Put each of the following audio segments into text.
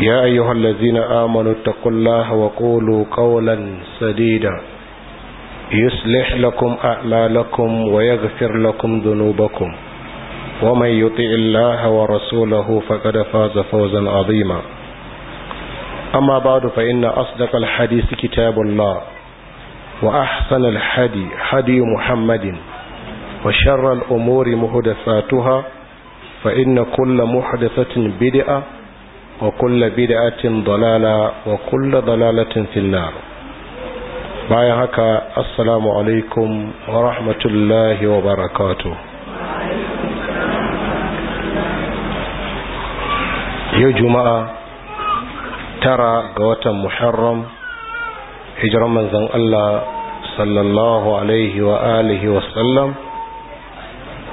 يا أيها الذين آمنوا اتقوا الله وقولوا قولا سديدا يصلح لكم أعمالكم ويغفر لكم ذنوبكم ومن يطع الله ورسوله فقد فاز فوزا عظيما أما بعد فإن أصدق الحديث كتاب الله وأحسن الحدي حدي محمد وشر الأمور مهدثاتها فإن كل محدثة بدعة وكل بدعة ضلالة وكل ضلالة في النار باي هكا السلام عليكم ورحمة الله وبركاته يا جماعة ترى قوات محرم هجر من زن الله صلى الله عليه وآله وسلم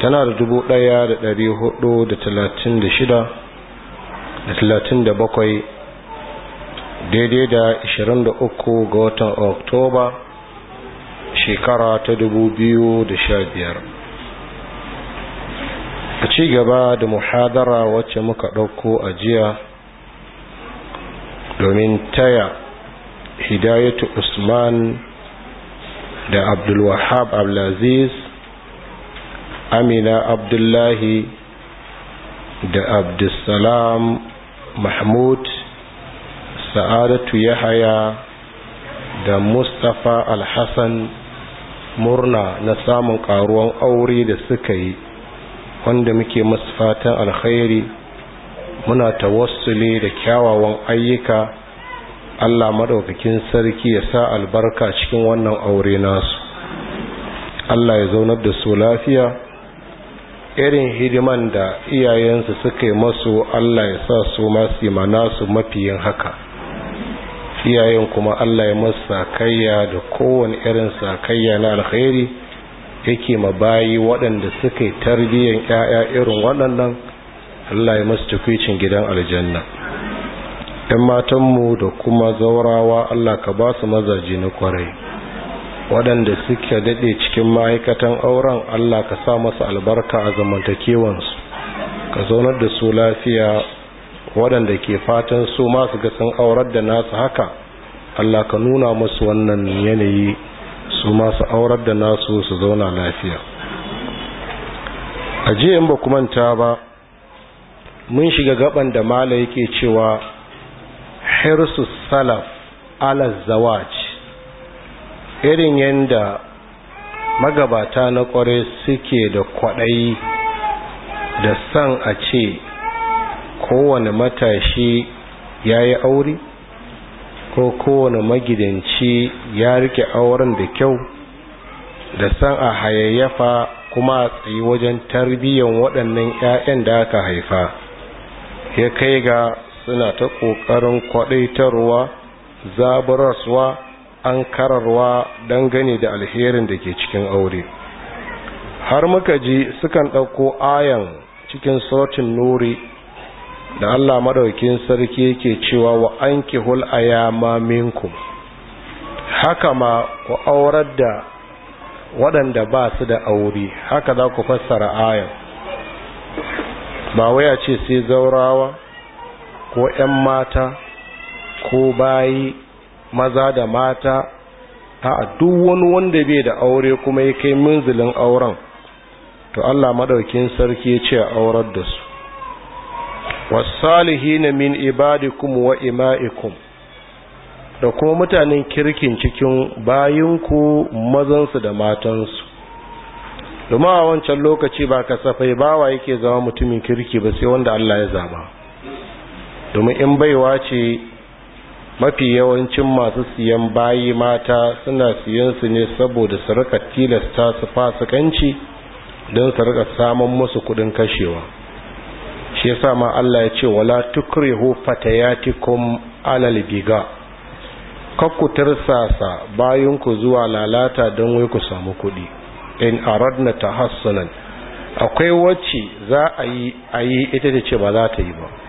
تنار دبو ليا لدريه دو دتلاتين دشدا da daidai da da uku ga watan oktoba shekara ta dubu biyu da sha a ci gaba da muhadara wacce muka ɗauko a jiya domin taya hidayatu usman da abdulwahab abdulaziz amina abdullahi da abdulsalam mahmud sa'adatu yahaya da mustapha alhassan murna na samun karuwan aure da suka yi wanda muke masu fatan alkhairi muna tawassuli da kyawawan ayyuka allah maɗaukakin sarki ya sa albarka cikin wannan aure nasu allah ya zaunar da su lafiya irin hidiman da iyayensu suka yi masu Allah ya sa su masu mana su mafiyin haka iyayen kuma Allah ya masu sakayya da kowane irin sakayya na alkhairi yake ma bayi waɗanda suka yi tarbiyyar ƴaƴa irin waɗannan Allah ya masu tukwicin gidan aljanna ‘yan matanmu da kuma zaurawa Allah ka ba su mazaji na kwarai waɗanda suke daɗe cikin ma'aikatan auren Allah ka sa masu albarka a zamantakewansu ka zaunar da su lafiya waɗanda ke fatan su masu ga aurar da nasu haka Allah ka nuna masu wannan yanayi su masu aurar da nasu su zauna lafiya a jiya in ba kumanta ba mun shiga gaban da mala yake cewa hirsus salaf ala ce. irin yadda magabata na kware suke da kwaɗayi da san a ce kowane matashi ya yi aure ko kowane magidanci ya rike auren da kyau da san a hayayyafa kuma a tsayi wajen tarbiyyar waɗannan 'ya'yan da aka haifa ya kai ga suna ta ƙoƙarin kwaɗaitarwa zaburarsuwa an kararwa dangane da alherin da ke cikin aure har muka ji sukan ɗauko ayan cikin sautin nuri da Allah maɗaukin sarki yake cewa wa an kihul ayama minku haka ma ku aurar da waɗanda ba su da aure haka za ku fassara ayan ba waya ce sai zaurawa ko ‘yan mata ko bayi maza da mata a duk wani wanda bai da aure kuma ya kai munzilin auren to Allah madaukin sarki ya ce aurar da su wasalihina min ibadikum wa ima'ikum da kuma mutanen kirkin cikin bayinku mazansu da matansu domin a wancan lokaci ba kasafai bawa yake zama mutumin kirki ba sai wanda Allah ya zaba domin in baiwa ce mafi yawancin masu siyan bayi mata suna siyan su ne saboda su rika tilasta su fasikanci don su rika samun musu kudin kashewa shi yasa ma Allah ya ce wala tukrihu fatayatikum alal biga kakku tirsasa bayan ku zuwa lalata don wai ku samu kudi in aradna tahassulan akwai wacce za a yi a yi ita ce ba za ta yi ba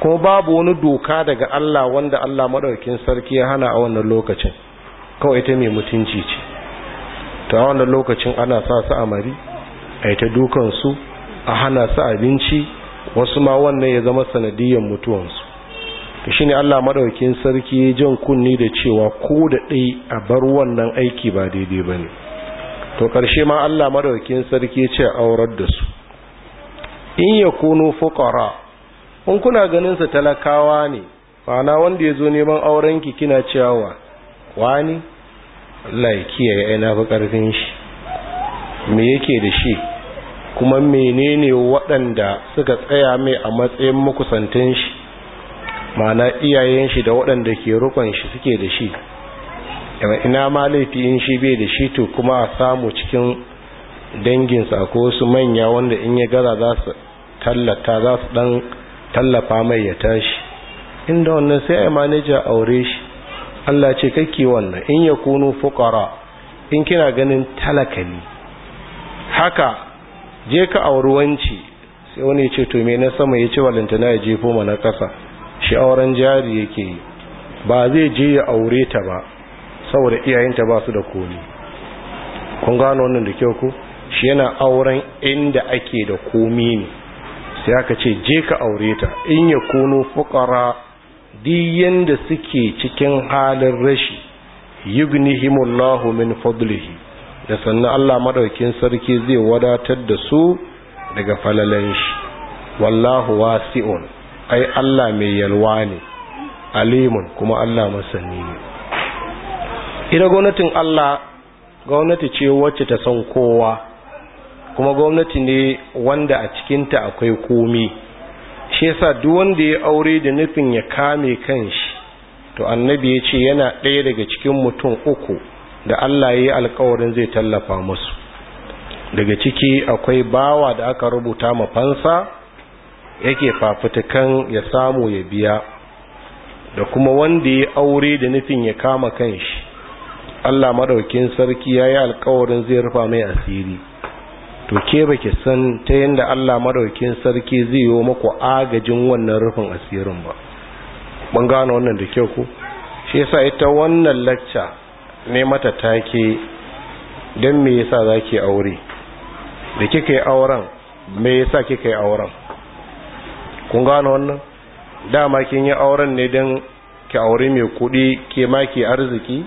ko babu wani doka daga Allah wanda Allah madaukakin sarki ya hana a wannan lokacin kawai ta mai mutunci ce ta wannan lokacin ana sa su amari a yi ta dukan a hana su abinci wasu ma wannan ya zama sanadiyyar mutuwansu to ne Allah madaukakin sarki ya jan kunni da cewa ko da ɗai a bar wannan aiki ba daidai ba ne, to karshe ma Allah madaukakin sarki ya ce aurar da su in ya kuno fuqara in kuna ganin sa talakawa ne ma'ana wanda ya zo neman auren ki kina cewa wani Allah ya kiyaye ina fi karfin shi me yake da shi kuma menene waɗanda suka tsaya mai a matsayin makusantan shi ma'ana iyayen shi da waɗanda ke rukon shi suke da shi ina ma laifi in shi bai da shi to kuma a samu cikin danginsa ko su manya wanda in ya gaza za su tallata za su dan tallafa mai ya tashi inda wannan sai a manaja aure shi Allah ce kake wannan in ya kunu fukara in kina ganin talakani haka je ka auri wanci sai wani ce to me na sama ya ce na ya jefo ma na kasa shi auren jari yake yi ba zai je ya aure ta ba saboda iyayenta ba su da komi kun gano wannan da kyau ku shi yana auren inda ake da komi ne sai aka ce je ka aure ta in ya kono fukara diyan da suke cikin halin rashi yugnihimullahu min fadlihi da sannan Allah madaukin sarki zai wadatar da su daga falalan shi wallahu wasi'un ai Allah mai yalwa ne alimun kuma Allah masani ne ira gwamnatin Allah gwamnati ce wacce ta san kowa kuma gwamnati ne wanda a cikinta akwai komi shi yasa duk wanda ya aure da nufin ya kame kanshi to annabi ya ce yana ɗaya daga cikin mutum uku da Allah ya yi alkawarin zai tallafa musu daga ciki akwai bawa da aka rubuta ma fansa yake fafutukan ya samu ya biya da kuma wanda ya aure da nufin ya kama kanshi Allah maɗaukin sarki ya yi alkawarin zai rufa mai asiri to ke ba baki san ta yadda Allah madaukin sarki zai yi maku agajin wannan rufin asirin ba mun gano wannan da kyau ku. shi yasa ita wannan lacca ne mata take don me yasa za ki aure da kika yi auren me yasa kika yi auren kun gano wannan dama kin yi auren ne don ki aure mai kuɗi ke maki ki arziki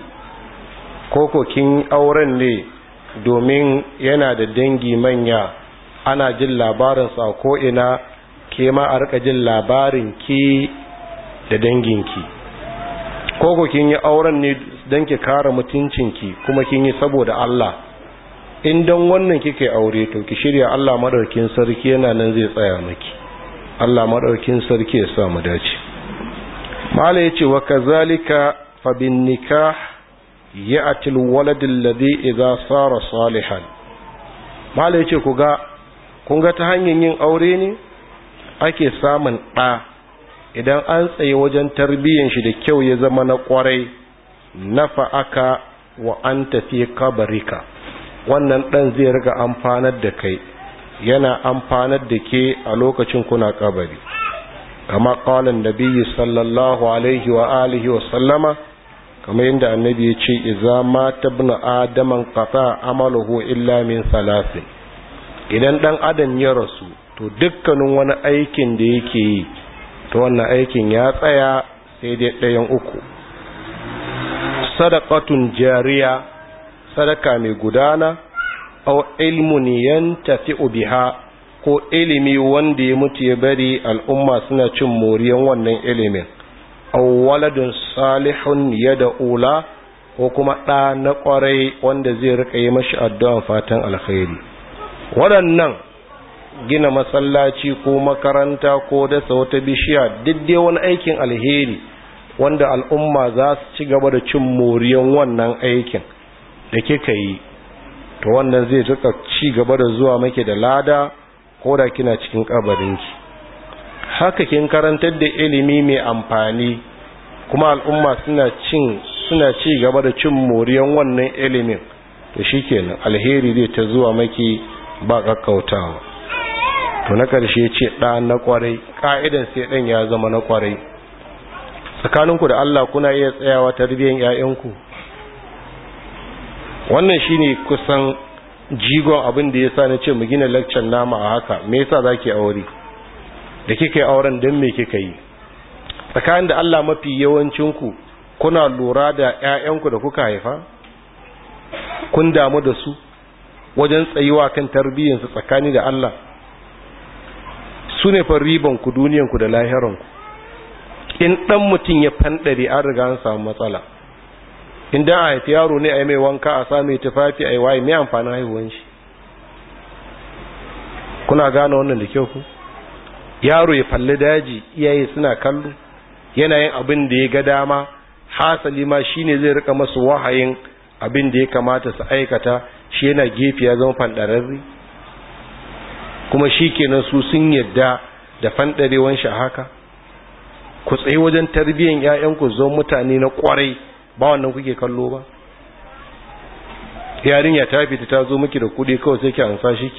ko kin auren ne domin yana da dangi manya ana jin labarin ko ina ke ma a rika jin labarin ki da danginki ko kin yi auren ne don ki kare ki kuma kin yi saboda Allah in don wannan kike aure to ki shirya Allah madaukin sarki yana nan zai tsaya miki Allah madaukin sarki ya sa mu dace mala yace wa kazalika fa bin nikah ya'til waladin alladhi idza sara salihan mala yace ku ga kun ga ta hanyar yin aure ne ake samun ɗa idan an tsaye wajen tarbiyyar shi da kyau ya zama na kwarai nafa aka wa an fi kabarika wannan dan zai riga amfanar da kai yana amfanar da ke a lokacin kuna kabari kama ƙalin nabiyyi sallallahu alaihi wa alihi wa sallama kamar yadda annabi ya ce iza ta ibn adaman qata amaluhu illa min salasi, idan dan adam ya rasu to dukkanin wani aikin da yake yi to wannan aikin ya tsaya sai dai ɗayan uku Sadakatun jariya sadaka mai gudana aw ilmun yantafi'u biha ko ilimi wanda ya mutu ya bari al'umma suna cin moriyan wannan ilimin waladun salihun ya da'ula ko kuma ɗa na ƙwarai wanda zai rika yi mashi addu'an fatan alkhairi waɗannan gina masallaci ko makaranta ko dasa wata bishiya diddai wani aikin alheri wanda al'umma za su ci gaba da cin moriyan wannan aikin da kika yi to wannan zai rika ci gaba da zuwa make da lada ko da kina cikin kabarinki haka kin karantar da ilimi mai amfani kuma al'umma suna cin suna ci gaba da cin moriyan wannan ilimin to shikenan alheri zai ta zuwa maki ba kakkautawa to na karshe ce da na kwarai ka'idan sai ɗan ya zama na kwarai tsakaninku da Allah kuna iya tsayawa tarbiyyar 'ya'yanku. wannan shine kusan jigon abin da yasa nace mu gina lakcan nama a haka me yasa zaki aure da kika yi auren don me kika yi tsakanin da Allah mafi yawancinku kuna lura da 'ya'yanku da kuka haifa kun damu da su wajen tsayuwa kan tarbiyyansu tsakani da Allah su ne fa ribanku duniyanku da lahiranku in dan mutum ya fandare an riga an samu matsala in da a haifi yaro ne a yi mai wanka a sa mai tufafi a yi waye mai amfanin haihuwan shi kuna gane wannan da kyau ku yaro ya falli daji iyaye suna kallo yana yin abin da ya ga dama hasali ma shine zai rika masu wahayin abin da ya kamata su aikata shi yana gefe ya zama fandararri kuma shi kenan su sun yadda da fandarewan shi haka ku tsaye wajen tarbiyyar ‘ya'yanku zo mutane na kwarai ba wannan kuke kallo ba yarinya ta fita ta zo miki da kuɗi kawai sai ki ansa shi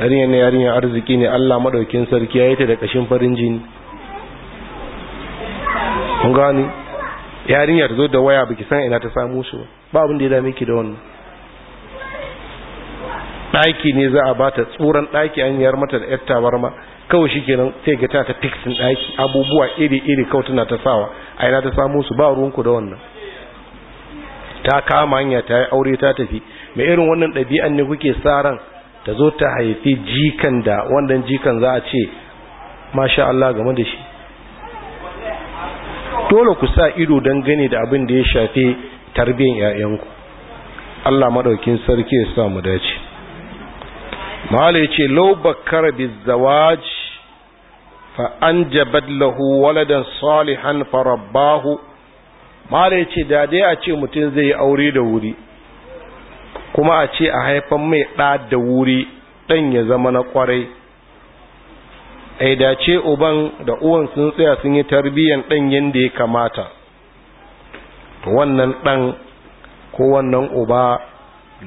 yarinya ne yarinya arziki ne Allah madaukin sarki ya yi ta da kashin farin jini kun gani yarinya ta zo da waya baki san ina ta samu su ba abin da ya dame ki da wannan daki ne za a bata tsuran daki an yar mata da yar tabarma kawai shikenan sai ga ta ta fixin daki abubuwa iri iri kawai tana ta sawa a ina ta samu su ba ruwanku da wannan ta kama hanya ta yi aure ta tafi mai irin wannan dabi'an ne kuke sa ran ta zo ta haifi jikan da wannan jikan za a ce masha Allah game da shi dole ku sa ido don gani da abin da ya shafi tarbiyyar 'ya'yanku Allah maɗaukin sarki ya sa mu dace mahala ce laubakar bizawaj fa'an lahu waladan salihan farabbahu mahala ce da dai a ce mutum zai yi aure da wuri kuma a ce a haifan mai ɗa da wuri ɗan ya zama na ƙwarai ai dace uban da uwan sun tsaya sun yi tarbiyyan ɗan yadda ya kamata wannan ɗan ko wannan uba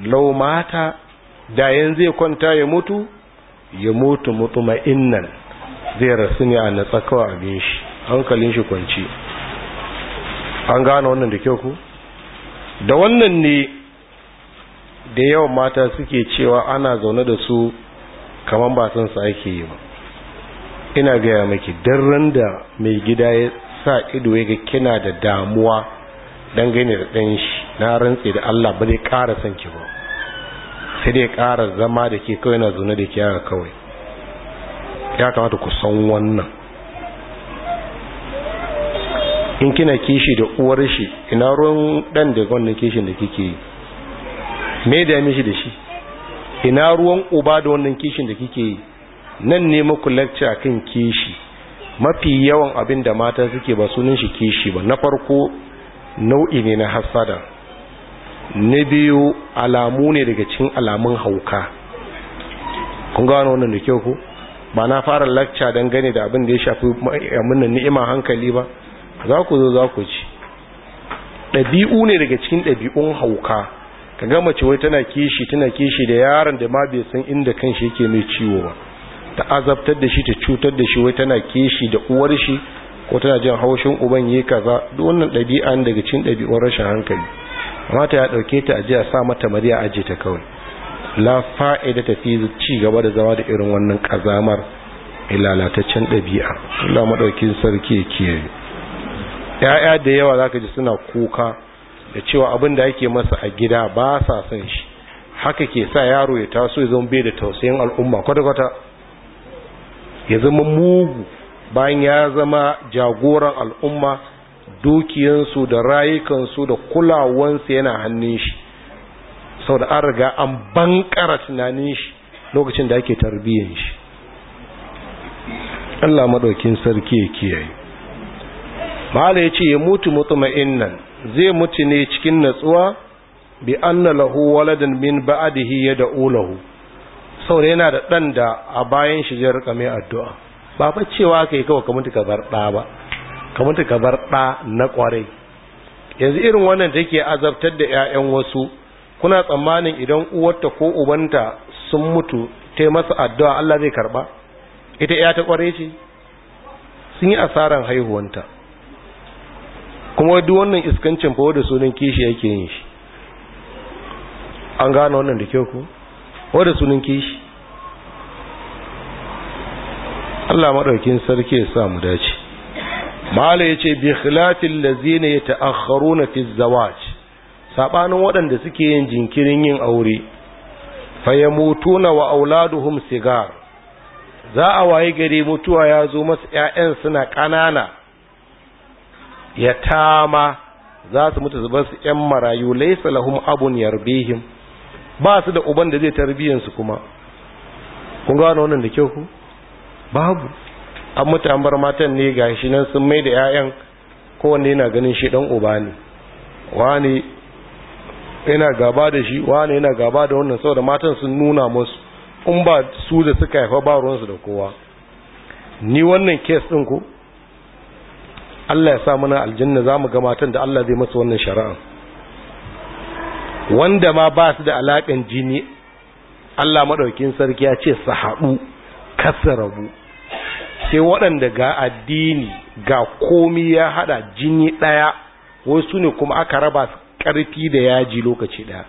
lau da zai kwanta ya mutu ya mutu mutuma'innan zai rasu ne a natsa kawai abin shi hankalin shi kwanci an gane wannan da kyau ku da wannan ne da yawan mata suke cewa ana zaune da su kamar ba san su ake yi ba ina gaya maki darran da mai gida ya sa ido ya ga kina da damuwa dangane da ɗan shi na rantse da Allah ba zai ƙara son ki ba sai dai ƙara zama da ke kawai na zaune da ke kawai ya kamata ku san wannan in kina kishi da uwar shi ina ruwan ɗan da wannan kishin da kike yi me da ya mishi da shi ina ruwan uba da wannan kishin da kike yi nan ne muku lecture kan kishi mafi yawan abin da mata suke ba sunan shi kishi ba na farko nau'i ne na hasada na biyu alamu ne daga cikin alamun hauka kun gano wannan da kyau ko ba na fara lacca don gane da abin da ya shafi yamunan ni'ima hankali ba za ku zo za ku ci ɗabi'u ne daga cikin ɗabi'un hauka ka ga mace wai tana kishi tana kishi da yaron da ma bai san inda kan kanshi yake mai ciwo ba ta azabtar da shi ta cutar da shi wai tana kishi da uwar shi ko tana jin haushin uban yi kaza duk wannan ɗabi'an daga cikin ɗabi'un rashin hankali amma ta ya ɗauke ta aje a sa mata mariya aje ta kawai la fa'ida ta fi ci gaba da zama da irin wannan kazamar ilalataccen ɗabi'a Allah madaukin sarki ya kiyaye ya'ya da yawa zaka ji suna kuka da cewa abin da ake masa a gida ba sa son shi haka ke sa yaro ya taso ya zama bai da tausayin al'umma kwata-kwata ya zama mugu bayan ya zama jagoran al'umma dukiyansu da rayukansu da kulawansu yana hannun shi sau da an riga an bankara tunanin shi lokacin da ake tarbiyyar shi Allah maɗaukin sarki ya kiyaye ma'ala ya ce ya mutu mutuma'in nan zai mutu ne cikin natsuwa bi anna lahu waladan min ba'dihi yad'u lahu saboda yana da dan da a bayan shi zai rika mai addu'a ba fa cewa kai kawai ka mutu ka bar ba ka mutu ka bar da na kwarai yanzu irin wannan take azabtar da ƴaƴan wasu kuna tsammanin idan uwarta ko ubanta sun mutu tai masa addu'a Allah zai karba ita ƴa ta kware ce sun yi asaran haihuwanta kuma duk wannan iskancin fa wanda sunan kishi yake yin shi an gane wannan da kyau ko wanda sunan kishi Allah madaukin sarki ya sa mu dace mala yace bi khilafil ladzina yata'akhkharuna fi zawaj sabanin waɗanda suke yin jinkirin yin aure fayamutuna wa auladuhum sigar za a waye gare mutuwa ya zo masa ƴaƴan suna ƙanana yatama za su mutu zubar su ƴan marayu laisa lahum abun yarbihim ba su da uban da zai tarbiyyar su kuma kun ga wannan da kyau ku babu an mutu an bar matan ne gashi nan sun mai da 'ya'yan kowanne yana ganin shi dan uba ne wani yana gaba da shi wani yana gaba da wannan saboda matan sun nuna musu in ba su da suka haifa ba ruwansu da kowa ni wannan kes din ku Allah ya sa mana aljanna za mu ga matan da Allah zai masa wannan shari'an wanda ma ba su da alakan jini Allah maɗaukin sarki ya ce su kasarabu kasa sai waɗanda ga addini ga komi ya haɗa jini ɗaya wai su ne kuma aka raba su ƙarfi da yaji lokaci ɗaya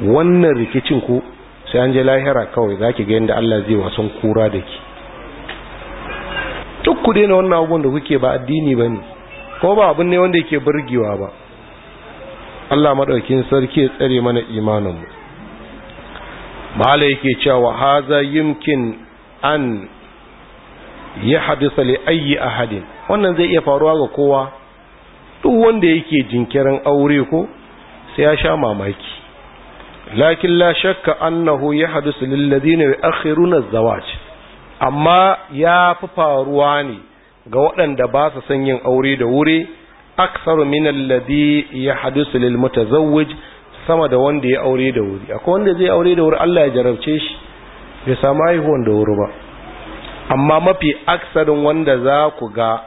wannan rikicin ku sai an je lahira kawai zaki ga yadda Allah zai wasan kura da ki duk ku daina wannan abubuwan da kuke ba addini ba ne ko ba abin ne wanda yake burgewa ba Allah madaukin sarki ya tsare mana imaninmu mala yake cewa haza yumkin an ya hadisa li ayi ahadin wannan zai iya faruwa ga kowa duk wanda yake jinkirin aure ko sai ya sha mamaki lakin la shakka annahu ya hadisu lilladina yu'akhiruna az amma ya fi faruwa ne ga waɗanda ba su son yin aure da wuri aksaru min alladhi yahdusu lil mutazawwij sama da wanda ya aure da wuri akwai wanda zai aure da wuri Allah ya jarabce shi bai samu haihuwan da wuri ba amma mafi aksarin wanda za ku ga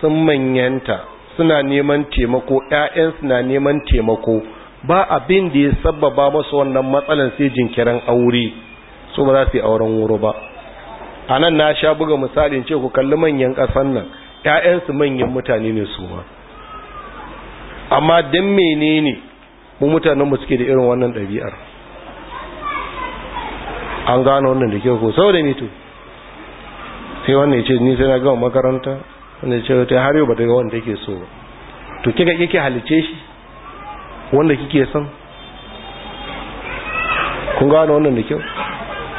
sun manyanta suna neman taimako ƴaƴan suna neman taimako ba abin da ya sabbaba masu wannan matsalan sai jinkirin aure su ba za su yi auren wuri ba a nan na sha buga misalin ce ku kalli manyan ƙasan nan su manyan mutane ne su ma amma dan menene mu mu suke da irin wannan ɗabi'ar an gano wannan da ke ko saboda da mito sai wannan ya ce ni sai na gama makaranta wanda ya ce ta har yau ba ta ga wanda take so ba to kika kike halice shi wanda kike son kun gano wannan da kyau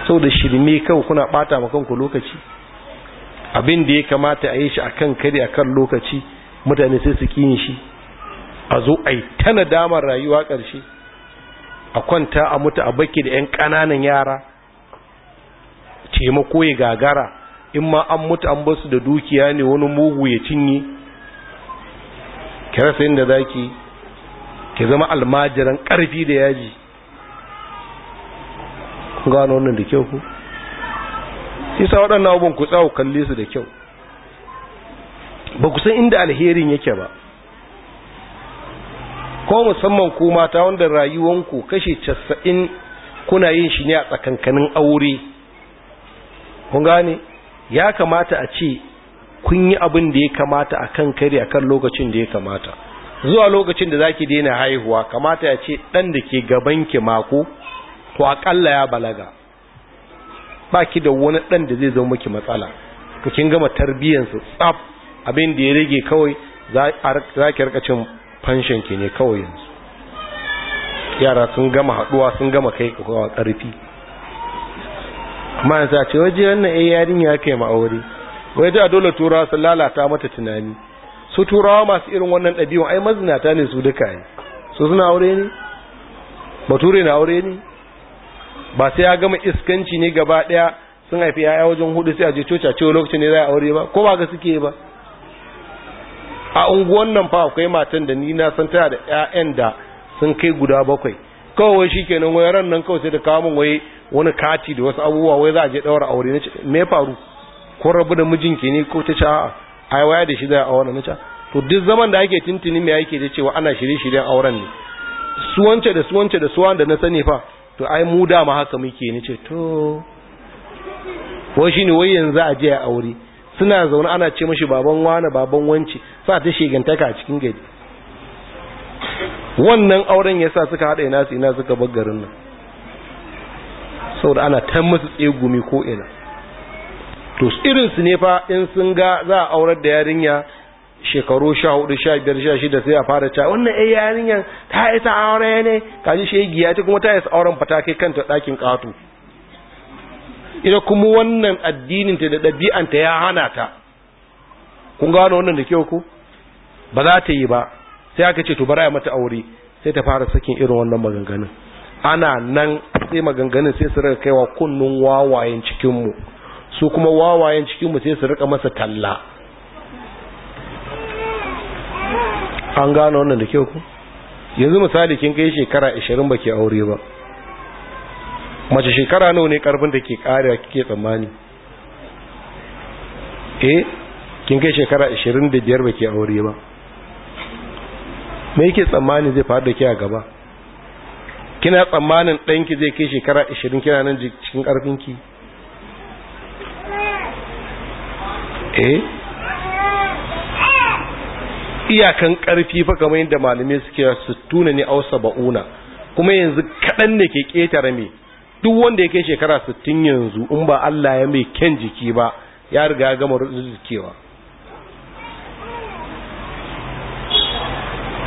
Sau da shirme kawai kuna bata ma kanku lokaci abin da ya kamata a yi shi a akan kare kan lokaci mutane sai su kini shi a zo a yi ta damar rayuwa ƙarshe a kwanta a mutu a baki da 'yan ƙananan yara taimako ya gagara in ma an mutu an basu da dukiya ne wani mugu ya cinye ki rasa inda za ki zama almajiran ƙarfi da yaji gano wannan da kyau ku isa waɗannan abubuwan ku tsawo kalle su da kyau ba ku san inda alherin yake ba ko musamman ku mata wanda rayuwanku kashe casa'in kuna yin shi ne a tsakankanin aure kun gane ya kamata a ce kun yi abin da ya kamata a kan kari a kan lokacin da ya kamata zuwa lokacin da zaki daina haihuwa kamata ya ce ɗan da ke gabanki mako to akalla ya balaga ba ki da wani ɗan da zai zo miki matsala ka kin gama tarbiyyansu tsaf abin da ya rage kawai za ki rika cin fanshin ki ne kawai yanzu yara sun gama haɗuwa sun gama kai kawai ƙarfi amma yanzu a ce waje wannan eh yarin ya kai ma aure waje a dole turawa sun lalata mata tunani su turawa masu irin wannan ɗabi'un ai mazinata ne su duka ne su suna aure ne bature na aure ne ba sai ya gama iskanci ne gaba daya sun haifi yaya wajen hudu sai a je coci a cewa lokacin ne za a aure ba ko ba ga suke ba a unguwan nan fa akwai matan da ni na san tana da ƴaƴan da sun kai guda bakwai kawai shikenan wai ran nan kawai sai da kawo min wai wani kati da wasu abubuwa wai za a je daura aure nace me faru ko rabu da mijinki ne ko ta ce a'a ai waya da shi da auren ta to duk zaman da ake tintini me yake da cewa ana shirye-shiryen auren ne suwance da suwance da suwan da na sani fa to ai mu dama haka muke ni ce to wai shine wai yanzu a je a aure suna zaune ana ce mishi baban wani baban wanci sa ta shegantaka a cikin gari wannan auren yasa suka haɗa ina su ina suka bar garin nan saboda ana ta musu tsegumi ko ina to irin su ne fa in sun ga za a aurar da yarinya shekaru sha hudu sha biyar sha shida sai a fara ca wannan ai yarinyar ta isa aure ne kaji giya ta kuma ta isa auren fata kai kanta ɗakin ƙato ita kuma wannan addinin ta da ɗabi'anta ya hana ta kun gano wannan da kyau ku ba za ta yi ba sai aka ce to bara mata aure sai ta fara sakin irin wannan maganganun ana nan sai maganganun sai su rika kaiwa kunnun wawayen cikinmu su kuma wawayen cikinmu sai su rika masa talla an gano wannan da kyau ku yanzu misali kin kai shekara 20 baki aure ba mace shekara nawa ne karfin da ke karewa kike tsammani eh kin kai shekara 25 baki aure ba me yake tsammani zai faru da ke a gaba kina tsammanin ɗanki zai kai shekara 20 kina nan cikin karfinki eh iyakan ƙarfi fa kamar yadda malamai suke sittuna ne ausa ba'una kuma yanzu kaɗan ne ke ƙetare me duk wanda ya kai shekara sittin yanzu in ba Allah ya mai kyan jiki ba ya riga ya gama rutsukewa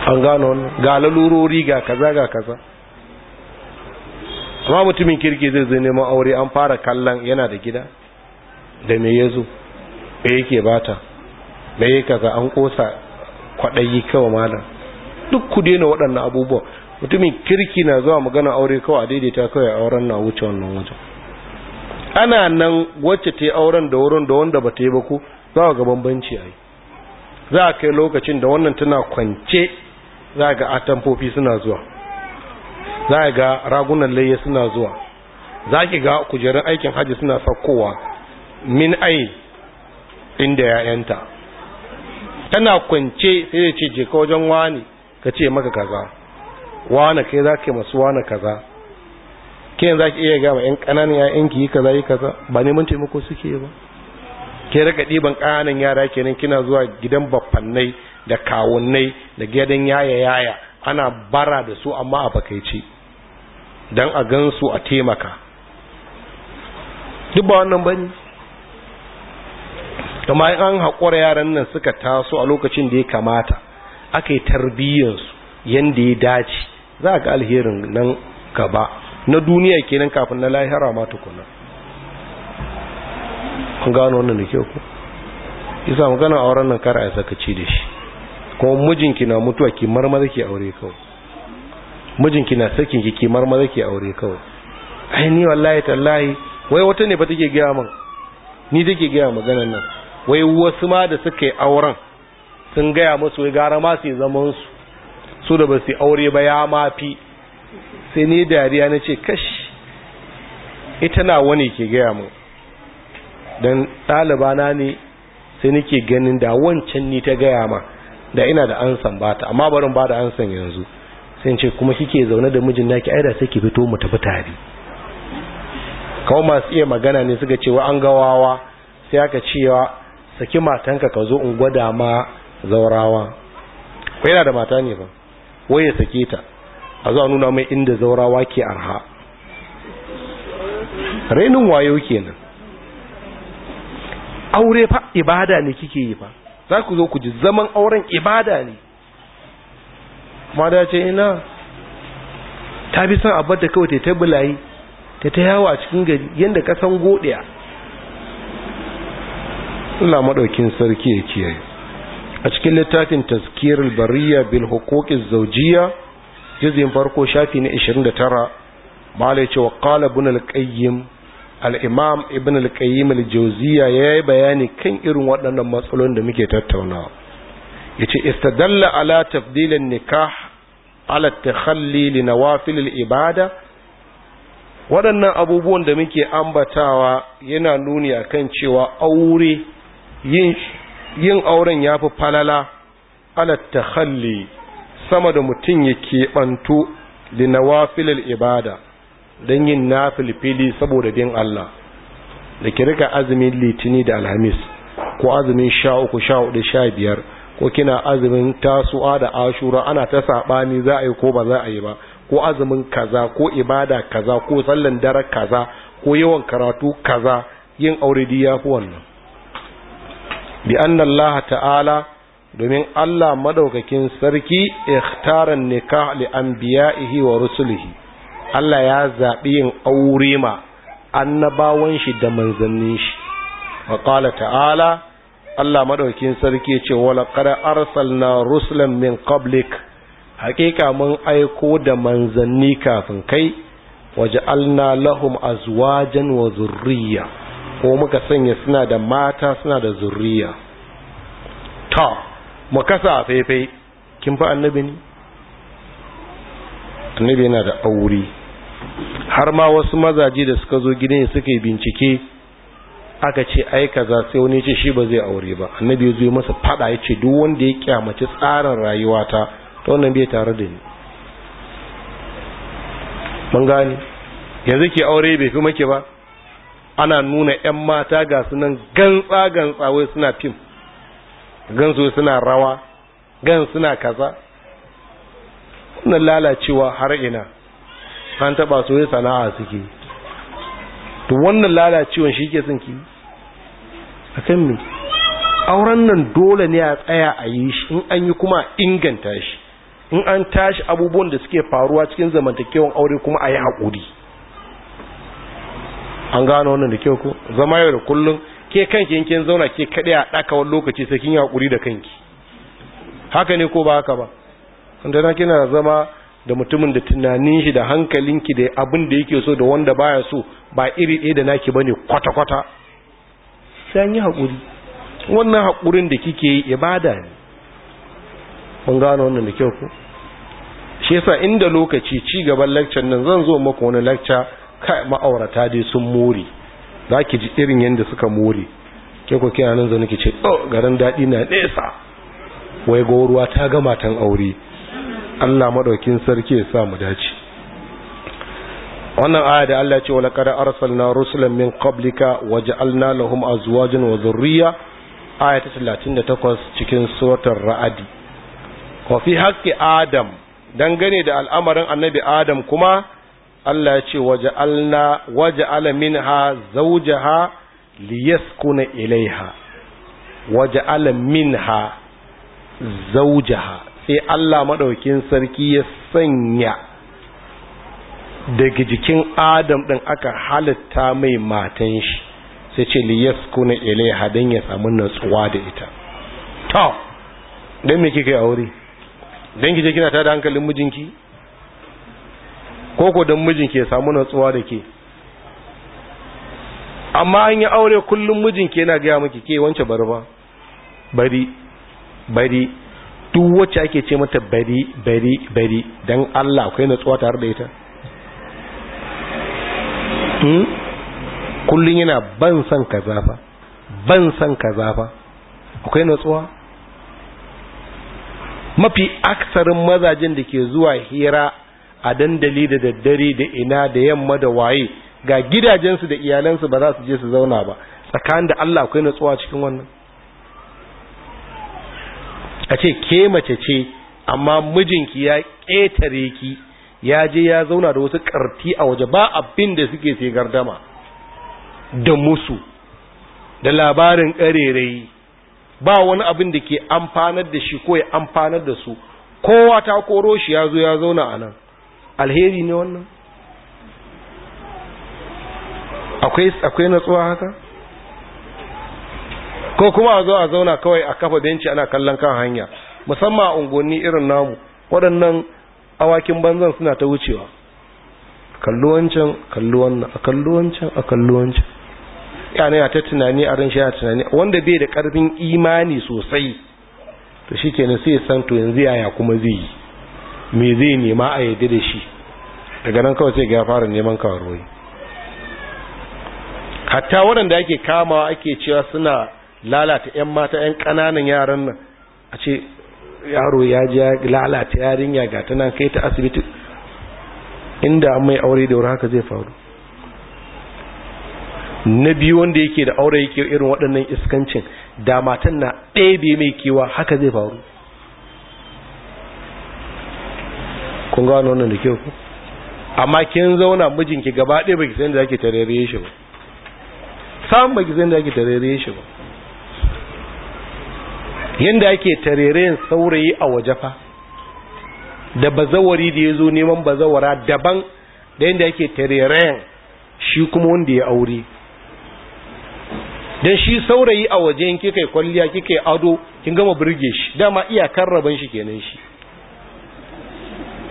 an gano ga lalurori ga kaza ga kaza amma mutumin kirki zai zai neman aure an fara kallon yana da gida da me yazo me yake bata me yake kaza an kosa kwaɗayi kawai malam duk ku daina waɗannan abubuwa mutumin kirki na zuwa magana aure kawai a daidaita kawai auren na wuce wannan wajen ana nan wacce ta yi auren da wurin da wanda ba ta yi ba ku za ga bambanci a za a kai lokacin da wannan tana kwance za ga atamfofi suna zuwa za ga ragunan layya suna zuwa za ki ga kujerun aikin hajji suna saukowa min ai inda ya 'yanta. kana kwance sai da ce je ka wajen wani ka ce maka kaza wani kai za ka yi masu wani kaza ke yanzu za ki iya gama yan ƙananan ya'yan ki yi kaza yi kaza ba neman taimako suke ba ke raka ɗiban ƙananan yara kenan kina zuwa gidan bafannai da kawunnai da gidan yaya yaya ana bara da su amma a bakaici don a gansu a taimaka duk ba wannan bane kamar an haƙura yaran nan suka taso a lokacin da ya kamata aka yi tarbiyyarsu yadda ya dace za ga alherin nan gaba na duniya kenan kafin na lahira ma tukuna kun gano wannan da kyau ku isa magana auren nan kar a ci da shi kuma mijinki na mutuwa ki marmaza ki aure kawai mijinki na sakin ki ki marmaza ki aure kawai ai ni wallahi tallahi wai wata ne ba take gaya min ni take gaya maganar nan wai wasu ma da suka yi auren sun gaya musu wai gara ma su yi zamansu su da ba su aure ba ya mafi sai ni dariya na ce kashi ita na wani ke gaya mu don ɗalibana ne sai nake ganin da wancan ni ta gaya ma da ina da ansan bata amma barin ba da ansan yanzu sai ce kuma kike zaune da mijin naki aida sai ki fito mu tafi tare kawai masu iya magana ne suka cewa an gawawa sai aka cewa saki matanka ka zo in gwada ma zaurawa ko yana da mata ne ba wai ya sake ta a zo nuna mai inda zaurawa ke arha rainin wayo kenan aure fa ibada ne kike yi fa za ku zo ku ji zaman auren ibada ne ma da ce ina ta bi son abar da kawai ta yi ta ta yawo a cikin gari yadda kasan godiya Allah madaukin sarki ya kiyaye a cikin littafin taskiyar bariya bil huquqiz zawjiyya juz'in farko shafi na 29 malai cewa qala ibn al-qayyim al-imam ibn al-qayyim al-jawziyya bayani kan irin waɗannan matsalolin da muke tattaunawa yace istadalla ala tafdil an-nikah ala takhalli li nawafil al-ibada waɗannan abubuwan da muke ambatawa yana nuni akan cewa aure yin auren ya fi falala alatta halli sama da mutum ya keɓantu da nawafilil ibada don yin nafilfili saboda bin Allah da ki rika azumin litini da alhamis ko azumin sha uku sha hudu sha biyar ko kina azumin tasuwa da ashura ana ta saɓani za a yi ko ba za a yi ba ko azumin kaza ko ibada kaza ko sallan dara kaza ko yawan karatu kaza yin aure ya fi wannan bi Allah ta'ala domin Allah maɗaukakin sarki ikhtaran nikah li ihi wa rusulihi Allah ya zaɓi yin aurema, ma annabawan shi da manzannin shi wa qala ta'ala Allah madaukakin sarki ce wala qad arsalna rusulan min qablik hakika mun aiko da manzanni kafin kai waja'alna lahum azwajan wa zurriyya ko muka sanya suna da mata suna da zurriya ta mu kasa faifai kin fi annabi ne annabi yana da aure har ma wasu mazaje da suka zo gidan suka yi bincike aka ce ai kaza sai wani ce shi ba zai aure ba annabi ya zo masa fada ya ce duk wanda ya kyamaci tsarin rayuwata ta wannan bai tare da ni mun gani yanzu ke aure bai fi make ba ana nuna 'yan mata ga su nan gantsa gantsa wai suna fim gansu suna rawa gan suna kaza wannan lalacewa har ina an taba su sana'a suke to wannan lalacewan shi ke sun ki a kan me auren nan dole ne a tsaya a yi shi in an yi kuma inganta shi in an tashi abubuwan da suke faruwa cikin zamantakewan aure kuma a yi haƙuri an gano wannan da kyau ko zama yau da kullum ke kanki in kin zauna ke kaɗai a ɗaka wani lokaci sai kin yi hakuri da kanki haka ne ko ba haka ba wanda na kina zama da mutumin da tunanin shi da hankalinki da abin da yake so da wanda baya so ba iri ɗaya da naki bane kwata-kwata sai an yi hakuri. wannan hakurin da kike yi ibada ne mun gano wannan da kyau ko shi yasa inda lokaci ci gaban lecture nan zan zo muku wani lecture kai ma'aurata dai sun more za ki ji irin yadda suka more ke ku kina nan zaune ki ce oh garin daɗi na nesa wai gowarwa ta ga matan aure Allah madaukin sarki ya sa mu dace wannan aya da Allah ya ce wa laqad arsalna rusulan min qablika waja'alna lahum azwajan wa dhurriyya aya ta 38 cikin suratul ra'adi ko fi haqqi adam dangane da al'amarin annabi adam kuma Allah ya ce waje waja'alna waja'ala minha zawjaha liyaskuna ilaiha ha zauje ha sai Allah maɗaukin sarki ya sanya daga jikin Adam ɗin aka halitta mai matan shi sai ce liyaskuna ilaiha dan ya samu natsuwa da ita to dan me kike aure dan kije kina da hankalin mijinki ko ko don mijin ke samu natsuwa da ke amma an yi aure kullum mijin ke yana gaya miki ke wance bari ba bari bari duk wacce ake ce mata bari bari bari don Allah akwai natsuwa tare da ita hmm? kullum yana ban son kaza fa ban son kaza fa akwai natsuwa mafi aksarin mazajen da ke zuwa hira a dandali da daddare da ina da yamma da waye ga gidajensu da iyalansu ba za su je su zauna ba tsakanin da Allah akwai natsuwa cikin wannan a ce ke mace ce amma mijinki ya ƙetare ki ya je ya zauna da wasu ƙarti a waje ba abin da suke sai gardama da musu da labarin ƙarerai ba wani abin da ke amfanar da shi ko ya amfanar da su kowa ta koro shi ya zo ya zauna a nan alheri ne wannan akwai natsuwa haka ko kuma a zo a zauna kawai a kafa benci ana kallon kan hanya musamman a unguwanni irin namu waɗannan awakin banzan suna ta wucewa kallo wancan kallo wannan a kallo wancan a kallo wancan yana ta tunani a ran shi tunani wanda bai da ƙarfin imani sosai to shikenan sai san to yanzu yaya kuma zai yi me zai nema a yadda da shi daga nan kawai sai ga fara neman kawarwai hatta waɗanda ake kamawa ake cewa suna lalata 'yan mata 'yan ƙananan yaran nan a ce yaro ya ji lalata yarinya ga gata nan kai ta asibiti inda an mai aure da wuri haka zai faru na biyu wanda yake da aure yake irin waɗannan iskancin da matan na ɗaya mai kewa haka zai faru kun gano wannan da kyau amma kin zauna mijinki gaba ɗaya baki san da zaki tarere shi ba sam baki san da zaki tarere shi ba yanda ake yin saurayi a waje fa da bazawari da yazo neman bazawara daban da yanda ake tarere shi kuma wanda ya aure dan shi saurayi a waje in kika kwalliya kika ado kin gama burge shi dama iyakar rabon shi kenan shi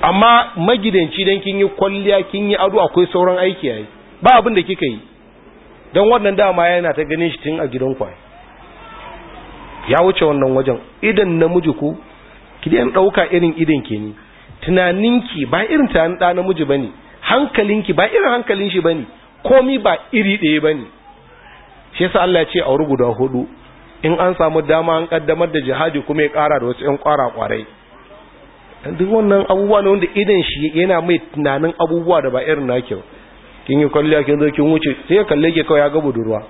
amma magidanci dan kin yi kwalliya kin yi ado akwai sauran aiki yayi ba abin da kika yi dan wannan dama yana ta ganin shi tun a gidan kwai ya wuce wannan wajen idan namiji ku ki dan dauka irin idan ke ni tunaninki ba irin tunanin da namiji bane hankalinki ba irin hankalin shi bane komi ba iri ɗaya bane shi yasa Allah ya ce auri guda hudu in an samu dama an kaddamar da jihadi kuma ya kara da wasu 'yan kwara kwarai duk wannan abubuwa ne wanda idan shi yana mai tunanin abubuwa da ba irin nake ba kin yi kwalliya kin zo kin wuce sai ya kalle ke kawai ya ga budurwa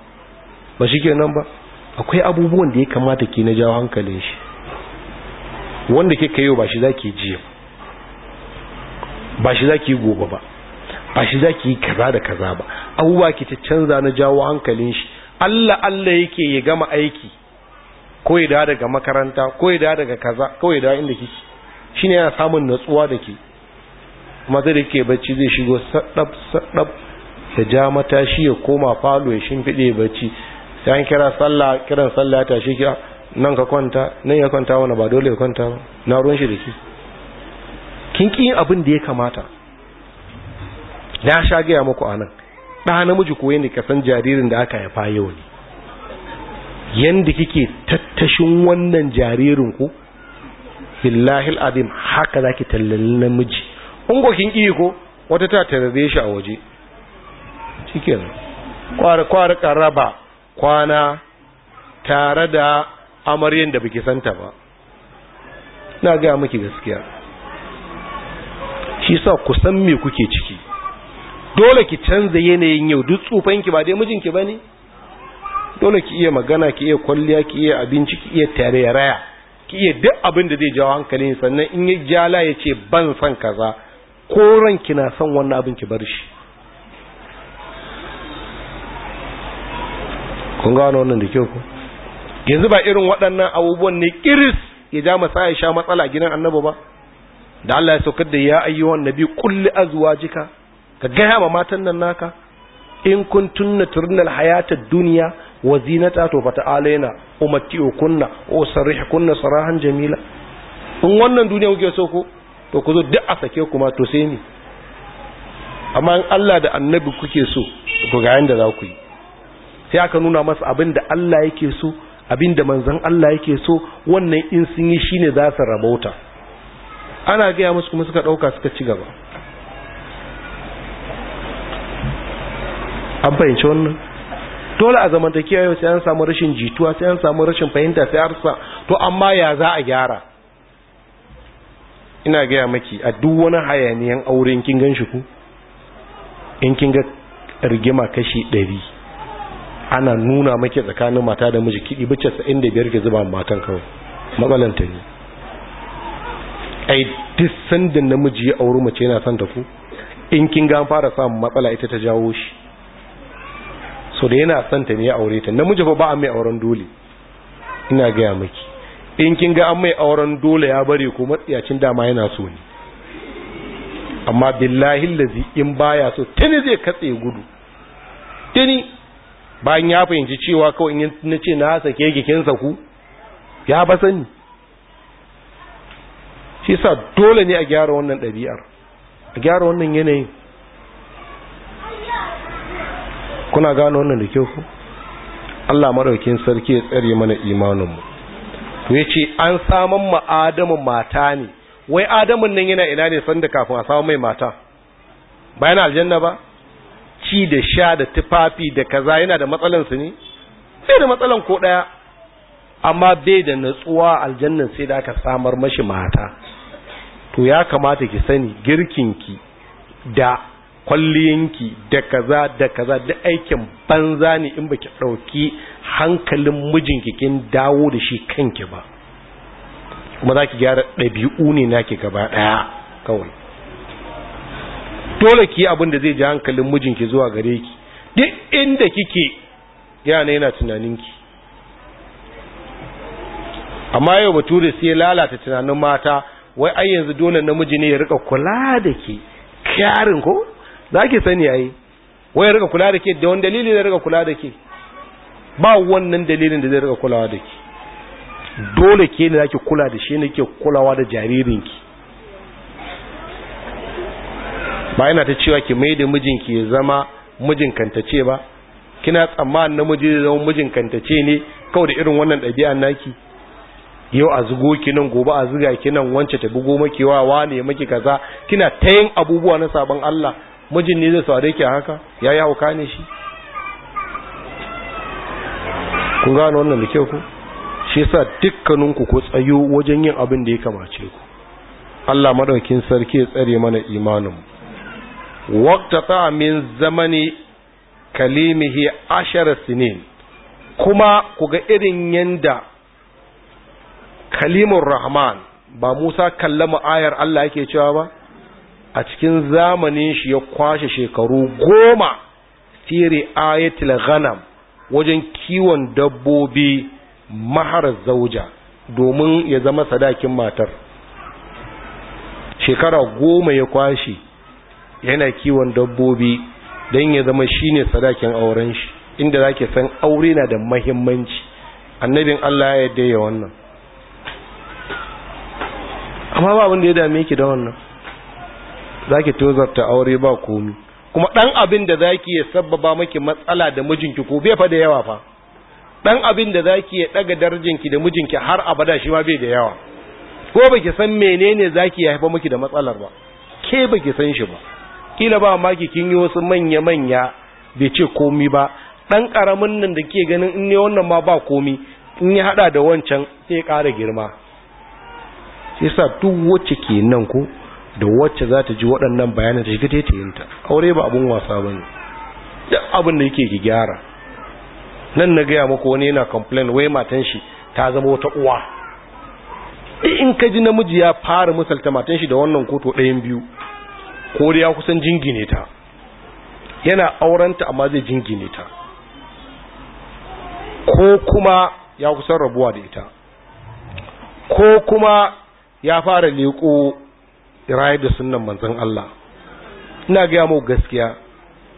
ba shi kenan ba akwai abubuwan da ya kamata ki na jawo hankalin shi wanda kika yi ba shi zaki ji ba shi zaki gobe ba ba shi zaki yi kaza da kaza ba abubuwa ki ta canza na jawo hankalin shi Allah Allah yake ya gama aiki ko ya dawo daga makaranta ko ya dawo daga kaza ko ya dawo inda kike shine yana samun natsuwa da ke kuma zai rike bacci zai shigo sadab sadab ya ja matashi ya koma falo ya shimfiɗe bacci sai an kira sallah kiran sallah ya tashi kira. nan ka kwanta nan ya kwanta wani ba dole ya kwanta ba na ruwan shi da ke. kin ki abin da ya kamata na sha gaya muku anan ɗa namiji koyi ne ka san jaririn da aka haifa yau ne yadda kike tattashin wannan jaririn ku billahi al'adim haka za ki tallali namiji kin iko wata ta tarbe shi a waje cikin kwari karaba kwana tare da amaryan da baki santa ba na gaya miki gaskiya shi sa ku san me kuke ciki dole ki canza yanayin yau duk tsufanki ba dai mijinki ba ne dole ki iya magana ki iya kwalliya ki iya abinci ki iya tare raya ki iya duk abin da zai jawo hankali sannan in ya jala ya ce ban san kaza ko ranki na son wannan abin ki bar shi kun gano wannan da kyau ku yanzu ba irin waɗannan abubuwan ne kiris ya ja masa ya sha matsala gidan annabi ba da Allah ya saukar da ya ayyuhan nabi kulli azwajika ka gaya ma matan nan naka in kuntunna turnal hayatad duniya wazinata zinata to fata alaina umatti'u kunna o sarrih kunna sarahan jamila in wannan duniya kuke so ko to ku zo duk a sake kuma to sai ni amma in Allah da annabi kuke so to ga yanda za ku yi sai aka nuna masa abin da Allah yake so abin da manzon Allah yake so wannan in sun yi shine za su rabauta ana gaya musu kuma suka dauka suka ci gaba an fahimci wannan dole a zamantakewa yau sai an samu rashin jituwa sai an samu rashin fahimta sai arsa to amma ya za a gyara ina gaya maki a duk wani hayaniyan in kin gan ku in kin ga rigima kashi ɗari ana nuna maki tsakanin mata da miji kiɗi bice sa'in da biyar ke zuba matan kawai matsalanta ne ai duk sandin namiji ya auri mace yana son tafu in kin ga fara samun matsala ita ta jawo shi so da yana son ta ne ya aure ta namiji fa ba a mai auren dole ina gaya miki in kin ga an mai auren dole ya bare ku matsiyacin dama yana so ne amma billahi lazi in baya so tani zai katse gudu tani bayan ya fahimci cewa kawai in na ce na sake gikin ku ya ba sani shi sa dole ne a gyara wannan ɗabi'ar a gyara wannan yanayin kuna gano wannan da kyau Allah madaukin sarki ya tsare mana imanin mu to yace an saman ma Adamu mata ne wai Adamun nan yana ina ne sanda kafin a samu mai mata bayan aljanna ba ci da sha da tufafi da kaza yana da matsalan su ne sai da matsalan ko daya amma bai da natsuwa aljannan sai da aka samar mashi mata to ya kamata ki sani girkin ki da kwalliyanki da kaza da kaza da aikin banza ne in baki dauki hankalin mijinki kin dawo da shi kanki ba kuma zaki gyara dabi'u ne naki gaba daya kawai dole ki abin da zai ji hankalin mijinki zuwa gare ki duk inda kike yana yana tunaninki amma yau bature sai lalata tunanin mata wai ai yanzu dole namiji ne ya rika kula da ke kyarin ko za ki sani yayi wai riga kula da ke da wani dalili da riga kula da ke ba wannan dalilin da zai riga kulawa da ke dole ke ne zaki kula da shi ne ke kulawa da jaririnki ba yana ta cewa ki mai da mijinki ya zama mijin kantace ba kina tsammanin namiji da zama mijin kantace ne kawai da irin wannan dabi'an naki yau a zugo ki nan gobe a zuga ki nan wance ta bugo maki wane maki kaza kina ta abubuwa na sabon Allah mijin ne zai saurare ke haka ya yi hauka ne shi kun gano wannan da kyau ku shi yasa dukkaninku ku tsayo wajen yin abin da ya kamace ku Allah madaukin sarki ya tsare mana imanin ta min zamani kalimihi ashar sinin kuma ku ga irin yanda kalimur rahman ba Musa kallama ayar Allah yake cewa ba a cikin zamanin shi ya kwashe shekaru goma fi ayatul ghanam wajen kiwon dabbobi mahar zauja domin ya zama sadakin matar shekara goma ya kwashe yana kiwon dabbobi don ya zama shine sadakin auren shi inda zake san aure na da mahimmanci annabin Allah ya yarda ya wannan amma ba abin da ya dame ki da wannan zaki tozarta aure ba komi kuma dan abin da zaki ya sabbaba maki matsala da mijinki ko bai fa da yawa fa dan abin da zaki ya daga darajinki da mijinki har abada shi ma bai da yawa ko baki san menene zaki ya haifa miki da matsalar ba ke baki san shi ba kila ba maki kin yi wasu manya manya bai ce komi ba dan karamin nan da kike ganin in ne wannan ma ba komi in ya hada da wancan sai ya kara girma sai sa duk wacce ke nan ko da wacce za ta ji waɗannan bayanan ta shiga taitayinta aure ba abin wasa ba ne duk abin da yake gyara nan na gaya muku wani yana complain wai matan shi ta zama wata uwa in ka ji namiji ya fara misalta matan shi da wannan koto ɗayan biyu ko da ya kusan jingine ta yana aurenta amma zai jingine ta ko kuma ya kusan rabuwa da ita ko kuma ya fara leƙo rayar da sunan manzon Allah ina gaya mu gaskiya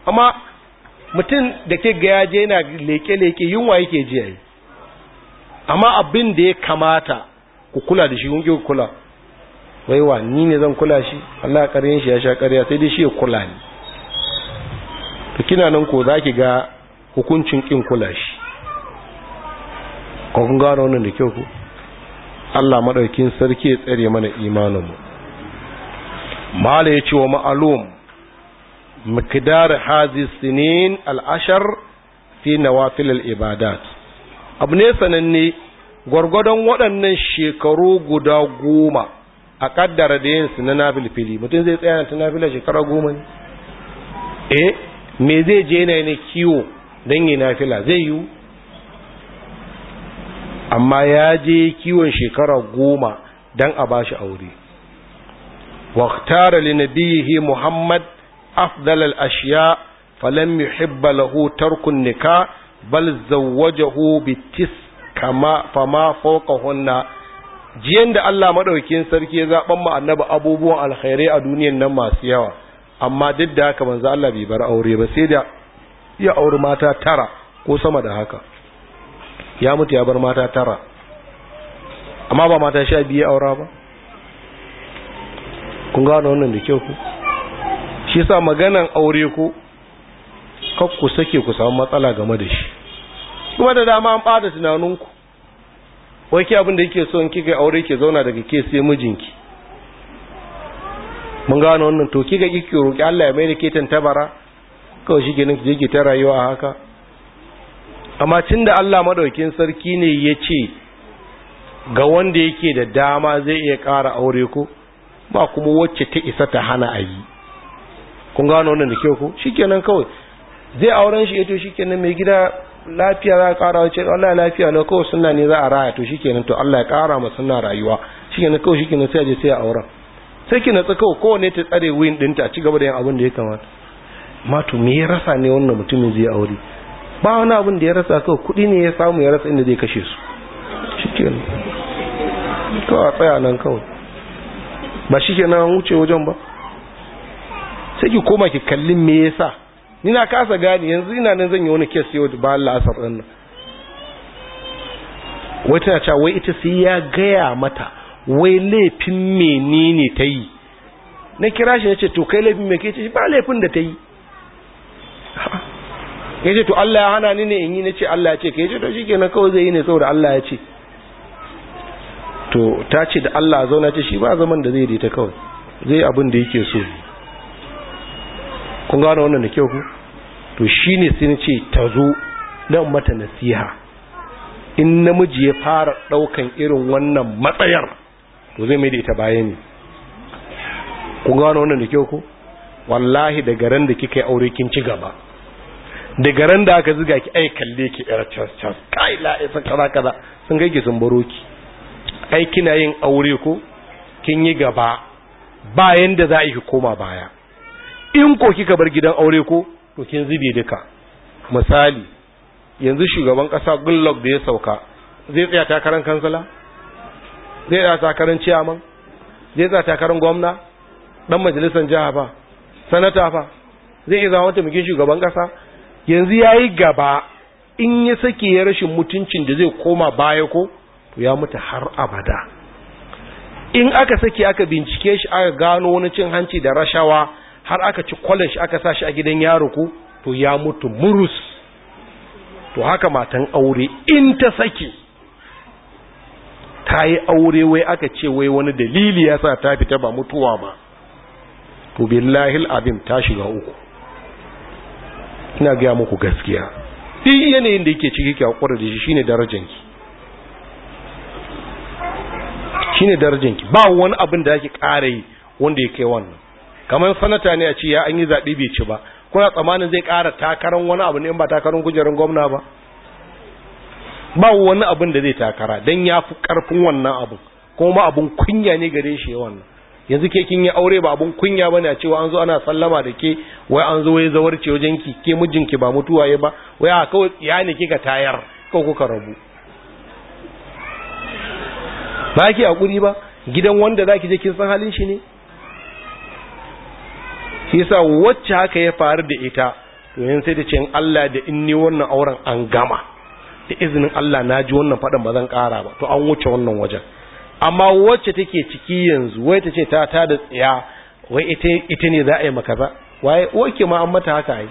amma mutum da ke ga je yana leke-leke yunwa yake ji yayi amma abin da ya kamata ku kula da shi kun kula wa ni ne zan kula shi Allah ƙaryen shi ya sha ƙarya sai dai shi ya kula ni to kina nan ko zaki ga hukuncin kin kula shi kun gano wannan da kyau ku Allah madaukin sarki ya tsare mana imanin mu mala ya ce wa ma'alum mikdar hazi sinin al'ashar fi nawafil al'ibadat abu ne sananne gwargwadon waɗannan shekaru guda goma a ƙaddara da yinsu na nafil fili, mutum zai tsaya ta nafila shekara goma ne eh me zai je na ne kiwo don yi nafila zai yiwu amma ya je kiwon shekara goma don a bashi aure واختار لنبيه محمد أفضل الأشياء فلم يحب له ترك النكاح بل زوجه بالتس كما فما فوقهن jiyan da Allah madaukakin sarki ya zaben mu annabi abubuwan alherai a duniyan nan masu yawa amma duk da haka manzo Allah bai bar aure ba sai da ya auri mata tara ko sama da haka ya mutu ya bar mata tara amma ba mata sha biyu ya aura ba kun gano wannan da kyau ku shi sa maganan aure ku kak ku sake ku samu matsala game da shi kuma da dama an bada tunaninku wai ke abin da yake so in kika aure ke zauna daga ke sai mijinki mun gano wannan to kika kike roki Allah ya mai da ke tantabara kawai shi kenan kije ki ta rayuwa a haka amma da Allah madaukin sarki ne yace ga wanda yake da dama zai iya ƙara aure ko ba kuma wacce ta isa ta hana a yi kun gano wannan da kyau ko shikenan kawai zai auren shi eh to shikenan mai gida lafiya za a kara wace Allah lafiya na kawai sunna ne za a raya to shikenan to Allah ya kara ma sunna rayuwa shikenan kawai shikenan sai a je sai a auren sai ki natsa kawai kowane ta tsare wuyin dinta a ci gaba da yin abin da ya kamata ma to me ya rasa ne wannan mutumin zai aure ba wani abin da ya rasa kawai kuɗi ne ya samu ya rasa inda zai kashe su shikenan kawai a tsaya nan kawai ba shi kenan wuce wajen ba sai ki koma ki kalli me yasa ni na kasa gani yanzu ina nan zan yi wani kes yau da Allah asar din nan wai tana cewa wai ita sai ya gaya mata wai laifin menene ta yi na kira shi yace to kai laifin me kake ba laifin da ta yi yace to Allah ya hana ni ne in yi nace Allah ya ce kai yace to shikenan kawai zai yi ne saboda Allah ya ce to ta ce da Allah zauna ce shi ba zaman da zai yi ta kawai zai abin da yake so kun gano wannan da kyau ku to shi ne sai ce ta zo don mata nasiha in namiji ya fara daukan irin wannan matsayar to zai mai da ita ne. kun gano wannan da kyau ku wallahi da garan da kika yi aure kin ci gaba Da garan da aka ziga ki ai kalle ki yar cas cas kai la'isa kaza kaza sun gaike sun baro ki ai kina yin aure ko kin yi gaba ba yanda za a yi koma baya in ko kika bar gidan aure ko to kin zube duka misali yanzu shugaban kasa gullock da ya sauka zai tsaya takarar kansala zai tsaya takarar ciyaman zai tsaya takarar gwamna dan majalisar jiha fa sanata fa zai iya zama mataimakin shugaban kasa yanzu yayi gaba in ya sake ya rashin mutuncin da zai koma baya ko to ya mutu har abada in aka saki aka bincike shi aka gano wani cin hanci da rashawa har aka ci kwalin shi aka sa shi a gidan yaro ku to ya mutu murus to haka matan aure in ta saki ta yi aure wai aka ce wai wani dalili ya sa ta fita ba mutuwa ba to billahi abin ta shiga uku ina gaya muku gaskiya duk yanayin da yake ciki ki haƙura da shi shine darajanki shine darajanki ba wani abin da zaki kare wanda ya kai wannan kamar sanata ne a ce ya an yi zaɓe bai ci ba kuna tsammanin zai ƙara takarar wani abu ne in ba takarar gwamna ba ba wani abin da zai takara don ya fi ƙarfin wannan abin kuma abun kunya ne gare shi wannan yanzu ke kin yi aure ba abun kunya ba ne a cewa an zo ana sallama da ke wai an zo ya zawarce wajen ki ke mijinki ba mutuwa ba wai a kawai ya ne kika tayar kawai kuka rabu ba ki hakuri ba gidan wanda zaki je kin san halin shi ne shi sa wacce haka ya faru da ita to yanzu sai ta ce Allah da in ni wannan auren an gama da izinin Allah na ji wannan fadan bazan kara ba to an wuce wannan wajen amma wacce take ciki yanzu wai ta ce ta ta da tsiya wai ita ita ne za a yi maka ba waye oke ma an mata haka ai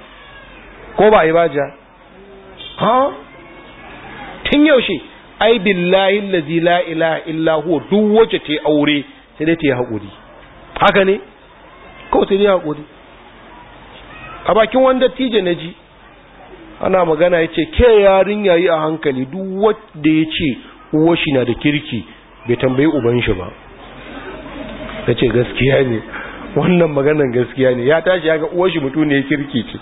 ko ba yi ba ja ha tin yaushe ai billahi allazi la ilaha illa huwa duk wacce ta aure sai dai ta yi hakuri haka ne kawai sai dai hakuri a bakin wanda tije na ji ana magana ya ce ke yarin yayi a hankali duk wanda ya ce shi na da kirki bai tambayi uban shi ba ta ce gaskiya ne wannan maganan gaskiya ne ya tashi ya ga shi mutum ne kirki ce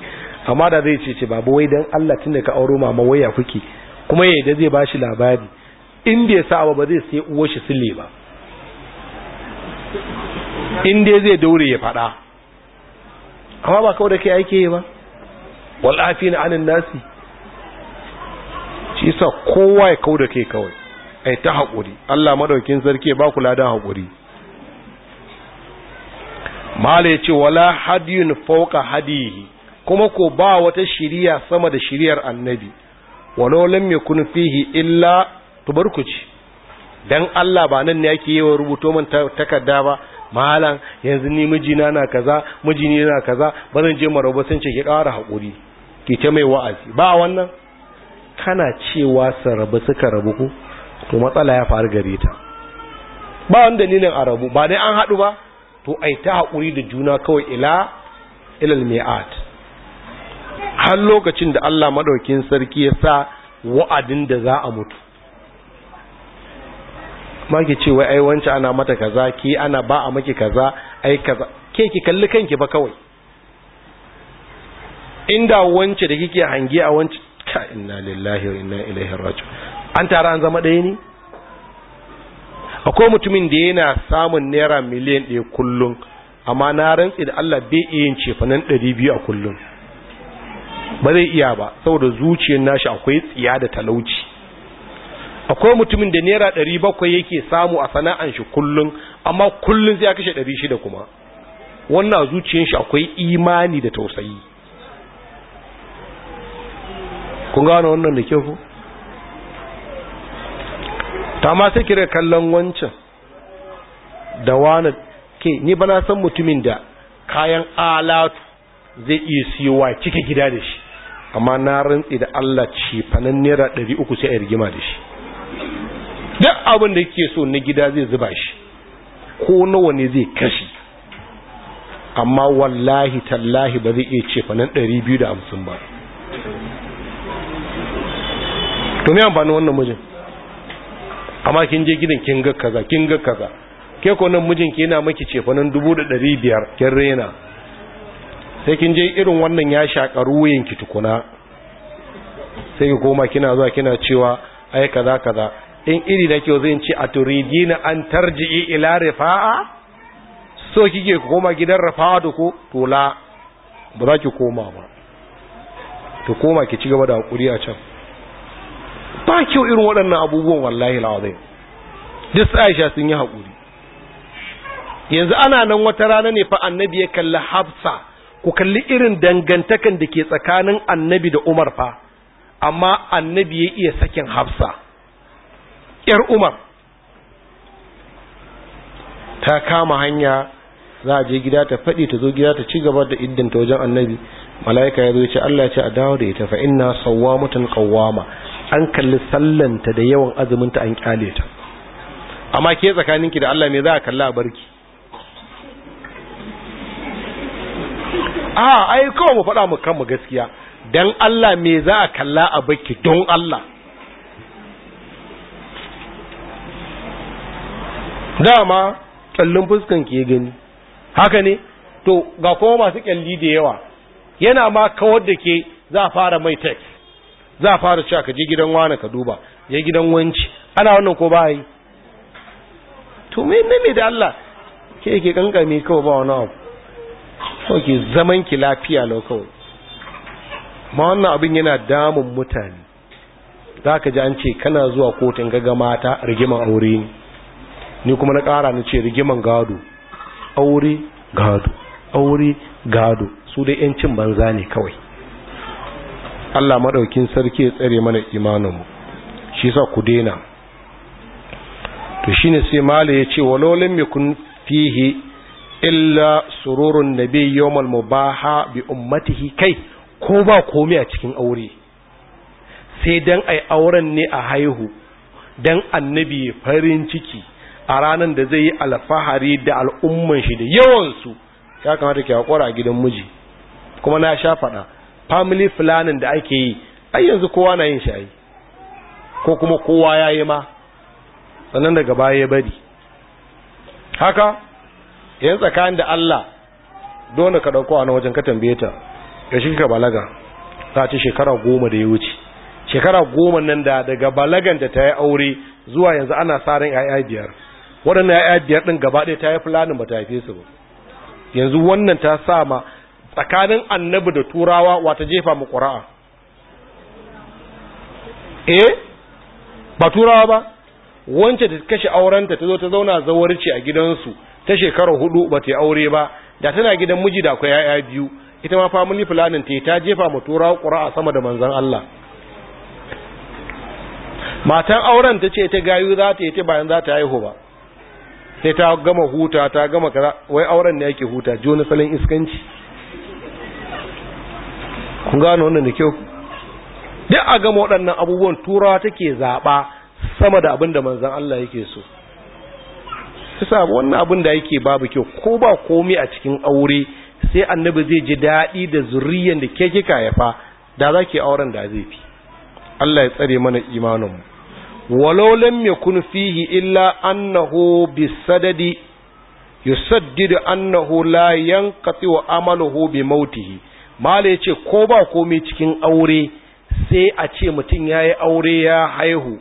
amma da zai ce ce babu wai dan Allah da ka auro mama waya kuke kuma yadda zai ba shi labari in bai sa ba zai sai uwar shi sule ba in zai daure ya faɗa amma ba kawai da kai aike ba wal'afi na anin nasi shi sa kowa ya da kai kawai ai ta hakuri? Allah madaukin sarki ba kula da hakuri. mala ya ce wala hadiyun fauka hadiyi kuma ko ba wata shiriya sama da shiriyar annabi walau lam yakun fihi illa tubarkuci dan Allah ba nan ne yake yi wa rubuto man takarda ba malam yanzu ni mijina na kaza ni na kaza ba zan je maraba sun ce ki ƙara haƙuri ki ta mai wa'azi ba wannan kana cewa su rabu suka rabu ku to matsala ya faru gare ta ba wani dalilin a rabu ba dai an haɗu ba to ai ta haƙuri da juna kawai ila ilal mi'at har lokacin da Allah madaukin sarki ya sa wa'adin da za a mutu ma ki ce wai ai wance ana mata kaza ki ana ba a maki kaza ai kaza ke ki kalli kanki ba kawai inda wance da kike hange a wance ta inna lillahi wa inna ilaihi raji'un an tara an zama ɗaya ne akwai mutumin da yana samun naira miliyan ɗaya kullum amma na rantsi da Allah bai iya yin cefanen ɗari biyu a kullum ba zai iya ba saboda zuciyar nashi akwai tsiya da talauci akwai mutumin da naira ɗari bakwai yake samu a sana'an shi kullum amma kullum sai kashe ɗari shida kuma wannan zuciyar shi akwai imani da tausayi kun gano wannan da kyau ta ma sai kira kallon wancan da wani ke ni bana na san mutumin da kayan alatu zai iya siyo wa cike gida da shi amma na rantsi da Allah ce fanan naira 300 sai a rigima da shi duk abin da yake so na gida zai zuba shi ko nawa ne zai kashi amma wallahi tallahi ba zai iya ce fanan 250 ba to me amfani wannan mijin amma kin je gidan kin ga kaza kin ga kaza ke ko nan mijin ke yana miki ce fanan 1500 kin rena sai kin je irin wannan ya shaƙa ki tukuna sai ki koma kina zuwa kina cewa ai kaza kaza in iri da kyau zai ce a turidina an tarji'i ila rifa'a so kike koma gidan rifa'a da ko to ba za ki koma ba ki koma ki ci gaba da hakuri a can ba kyau irin waɗannan abubuwan wallahi alazim duk Aisha sun yi hakuri yanzu ana nan wata rana ne fa annabi ya kalli Hafsa ku kalli irin dangantakan da ke tsakanin annabi da umar fa amma annabi ya iya sakin hafsa ‘yar umar ta kama hanya za a je gida ta faɗi ta zo gida ta ci gaba da iddanta wajen annabi mala'ika ya zo ce Allah ce a dawo da ita fa inna sawwamatan qawwama an kalli sallanta da yawan azuminta an kyale ta amma ke tsakaninki da Allah ne za a kalla a barki a ai kawai mu faɗa mu kanmu gaskiya dan Allah me za a kalla a baki don Allah dama kallon fuskan ke gani haka ne to ga kuma masu kyalli da yawa yana ma kawar da ke za a fara mai tax za a fara cewa ka je gidan wani ka duba je gidan wanci ana wannan ko bayi to me ne da Allah ke ke kankame kawai ba wani abu sauki zaman ki lafiya lau kawai ma wannan abin yana damun mutane za ka ji an ce kana zuwa kotun gaga mata rigiman aure ne ni kuma na kara na ce rigiman gado aure gado aure gado su dai yancin banza ne kawai Allah maɗaukin sarki ya tsare mana imaninmu shi sa ku daina to shine sai Malam ya ce walolin mai kun fihi illa sururun nabi yawmal mubaha bi ummatihi kai ko ba komai a cikin aure sai dan ai auren ne a haihu dan annabi farin ciki a ranar da zai yi alfahari da al'umman shi da yawansu ya kamata ki haƙura a gidan miji kuma na sha faɗa family planning da ake yi ai yanzu kowa na yin shayi ko kuma kowa ya yi ma sannan daga baya ya bari haka yan tsakanin da Allah dole ka dauko a wajen ka tambaye ta ya shi ka balaga ta ce shekara goma da ya wuce shekara goma nan da daga balagan da ta yi aure zuwa yanzu ana sa ran ƴaƴa biyar waɗannan ƴaƴa biyar ɗin gaba ɗaya ta yi fulanin ba ta haife su ba yanzu wannan ta sa ma tsakanin annabi da turawa wata jefa mu ƙura'a eh ba turawa ba wancan da kashe aurenta ta zo ta zauna zawarci a gidansu ta shekara hudu ba ta aure ba da tana gidan miji da akwai yaya biyu ita ma family planning ta ta jefa mu tura qur'a sama da manzon Allah matan auren ta ce ta gayu za ta yi ta bayan za ta haihu ba sai ta gama huta ta gama kaza wai auren ne yake huta jo wani salon iskanci kun gano wannan da kyau duk a gama waɗannan abubuwan turawa take zaɓa sama da abin da manzan Allah yake so shi sa wannan abin da yake babu kyau ko ba komai a cikin aure sai annabi zai ji daɗi da zuriyar da ke kika da za ki auren da zai fi Allah ya tsare mana imanin walau lam yakun fihi illa annahu bisadadi yusaddidu annahu la yanqati wa amaluhu bi mautihi mala yace ko ba komai cikin aure sai a ce mutum yayi aure ya haihu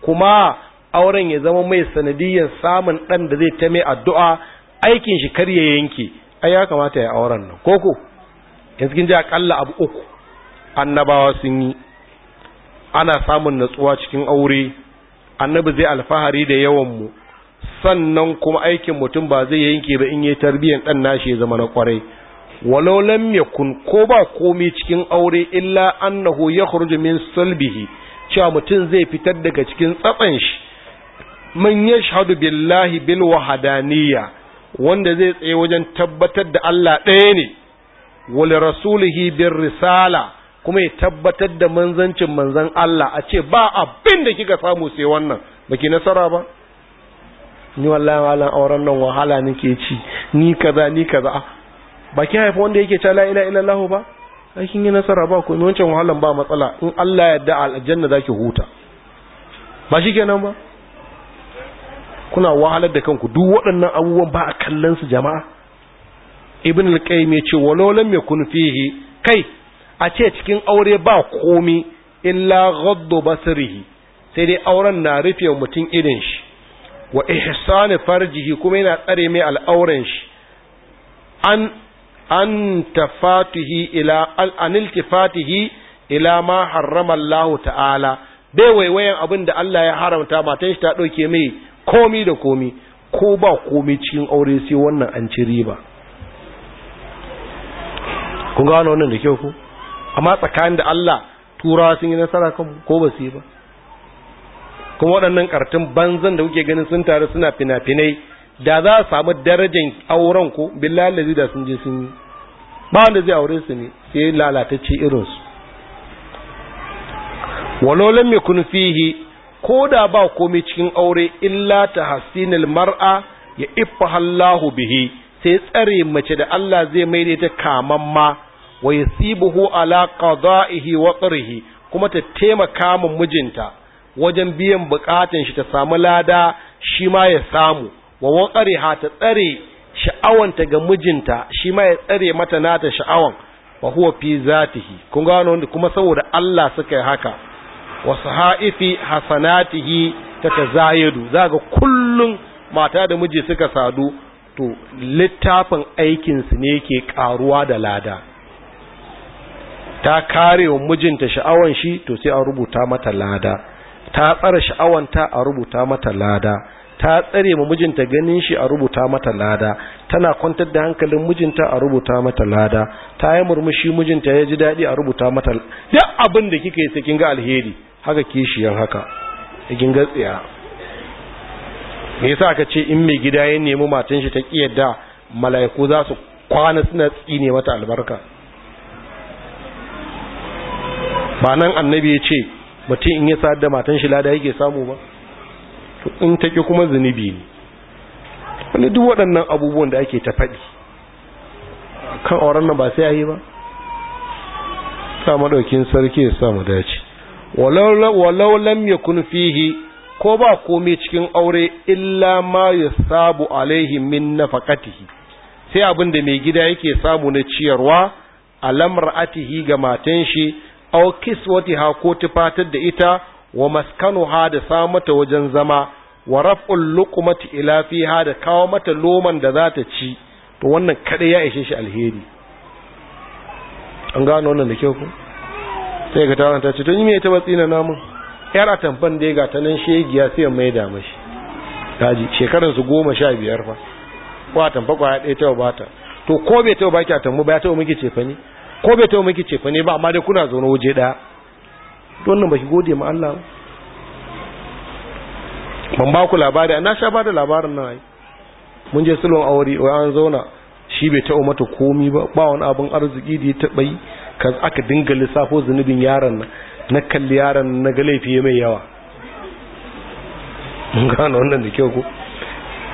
kuma auren ya zama mai sanadiyyar samun ɗan da zai ta mai addu'a aikin shi kar ya yanke ai ya kamata ya auren nan koko yanzu kin ji akalla abu uku annabawa sun yi ana samun natsuwa cikin aure annabi zai alfahari da yawan mu sannan kuma aikin mutum ba zai yanke ba in yi tarbiyyar ɗan nashi ya zama na kwarai walau lam ko ba komai cikin aure illa annahu yakhruju min salbihi cewa mutum zai fitar daga cikin tsatsan shi man yashhadu billahi bil wahdaniyya wanda zai tsaye wajen tabbatar da Allah ɗaya ne wal rasulihi bir risala kuma ya tabbatar da manzancin manzan Allah a ce ba abin da kika samu sai wannan baki nasara ba ni wallahi malam auren nan wahala nake ci ni kaza ni kaza ba ki haifa wanda yake ta la ilaha illallah ba ai kin yi nasara ba ku wancan wahalan ba matsala in Allah ya yarda aljanna zaki huta ba shikenan ba kuna wahalar da kanku duk waɗannan abubuwan ba a kallon su jama'a ibn al-qayyim yace walau lam yakun fihi kai a ce cikin aure ba komi illa ghaddu basrihi sai dai auren na rufe mutum irin shi wa ihsan farjihi kuma yana tsare mai al'auran shi an an tafatihi ila al-aniltifatihi ila ma harrama Allah ta'ala bai waiwayen abin da Allah ya haramta matan shi ta ɗauke mai komi da komi ko ba komi cikin aure sai wannan an ci riba kun gano wannan da kyau ku amma tsakanin da Allah turawa sun yi nasara kan ko ba su yi ba kuma waɗannan kartun banzan da kuke ganin sun taru suna fina-finai da za a samu darajar auren ko billahi da sun je sun yi ba wanda zai aure su ne sai lalatacce irinsu walolan mai kun fihi ko da ba komai cikin aure illa ta hasinil mar'a ya iffa Allahu bihi sai tsare mace da Allah zai mai maida ta kaman ma wa yasibuhu ala qada'ihi wa qarihi kuma ta taimaka min mijinta wajen biyan bukatun shi ta samu lada shi ma ya samu wa qariha ta tsare sha'awanta ga mijinta shi ma ya tsare mata nata sha'awan wa huwa fi zatihi kun gano kuma saboda Allah suka yi haka wasu ha'ifi hasanatihi ta tazayidu za ga kullum mata da miji suka sadu to littafin aikinsu ne ke karuwa da lada ta kare wa mijinta sha'awan shi to sai a rubuta mata lada ta tsara sha'awanta a rubuta mata lada ta tsare ma mijinta ganin shi a rubuta mata lada tana kwantar da hankalin mijinta a rubuta mata lada ta yi murmushi mijinta ya ji daɗi a rubuta mata duk abin da kika yi sai kin ga alheri haka kishiyar haka igin gatsiya me yasa aka ce in mai gida ya nemi matan shi ta kiyarda mala'iku za su kwana suna tsine mata albarka ba nan annabi ya ce mutum in ya sa da matan shi lada yake samu ba to in ke kuma zunubi ne wani duk waɗannan abubuwan da ake ta faɗi kan auren nan ba sai a yi ba sa madaukin sarki ya sa mu dace walau lam yakun fihi ko ba komai cikin aure illa ma yasabu alaihi min nafaqatihi sai abin da mai gida yake samu na ciyarwa ra'atihi ga matan shi aw kiswatiha ko tufatar da ita wa maskanuha da samata wajen zama wa raf'ul luqmati ila fiha da kawo mata loman da za ta ci to wannan kada ya ishe shi alheri an gano wannan da kyau ku sai ka tawo ta ce to ni me ta watsi na namun yar a tamfan da ya ga ta nan shegiya sai mai da mashi taji shekaran su goma sha biyar fa kwa tamfa kwa ɗaya ta bata to ko bai ta ki a tambu ba ya ta miki cefani ko bai ta miki cefani ba amma dai kuna zaune waje ɗaya nan ba baki gode ma Allah ban ba ku labari na sha ba da labarin nan ai mun je sulhun aure an zauna shi bai taɓa mata komi ba ba wani abin arziki da ya taɓa yi ka aka dinga lissafo zunubin yaron nan na kalli yaron na ga laifi mai yawa mun gano wannan da kyau ko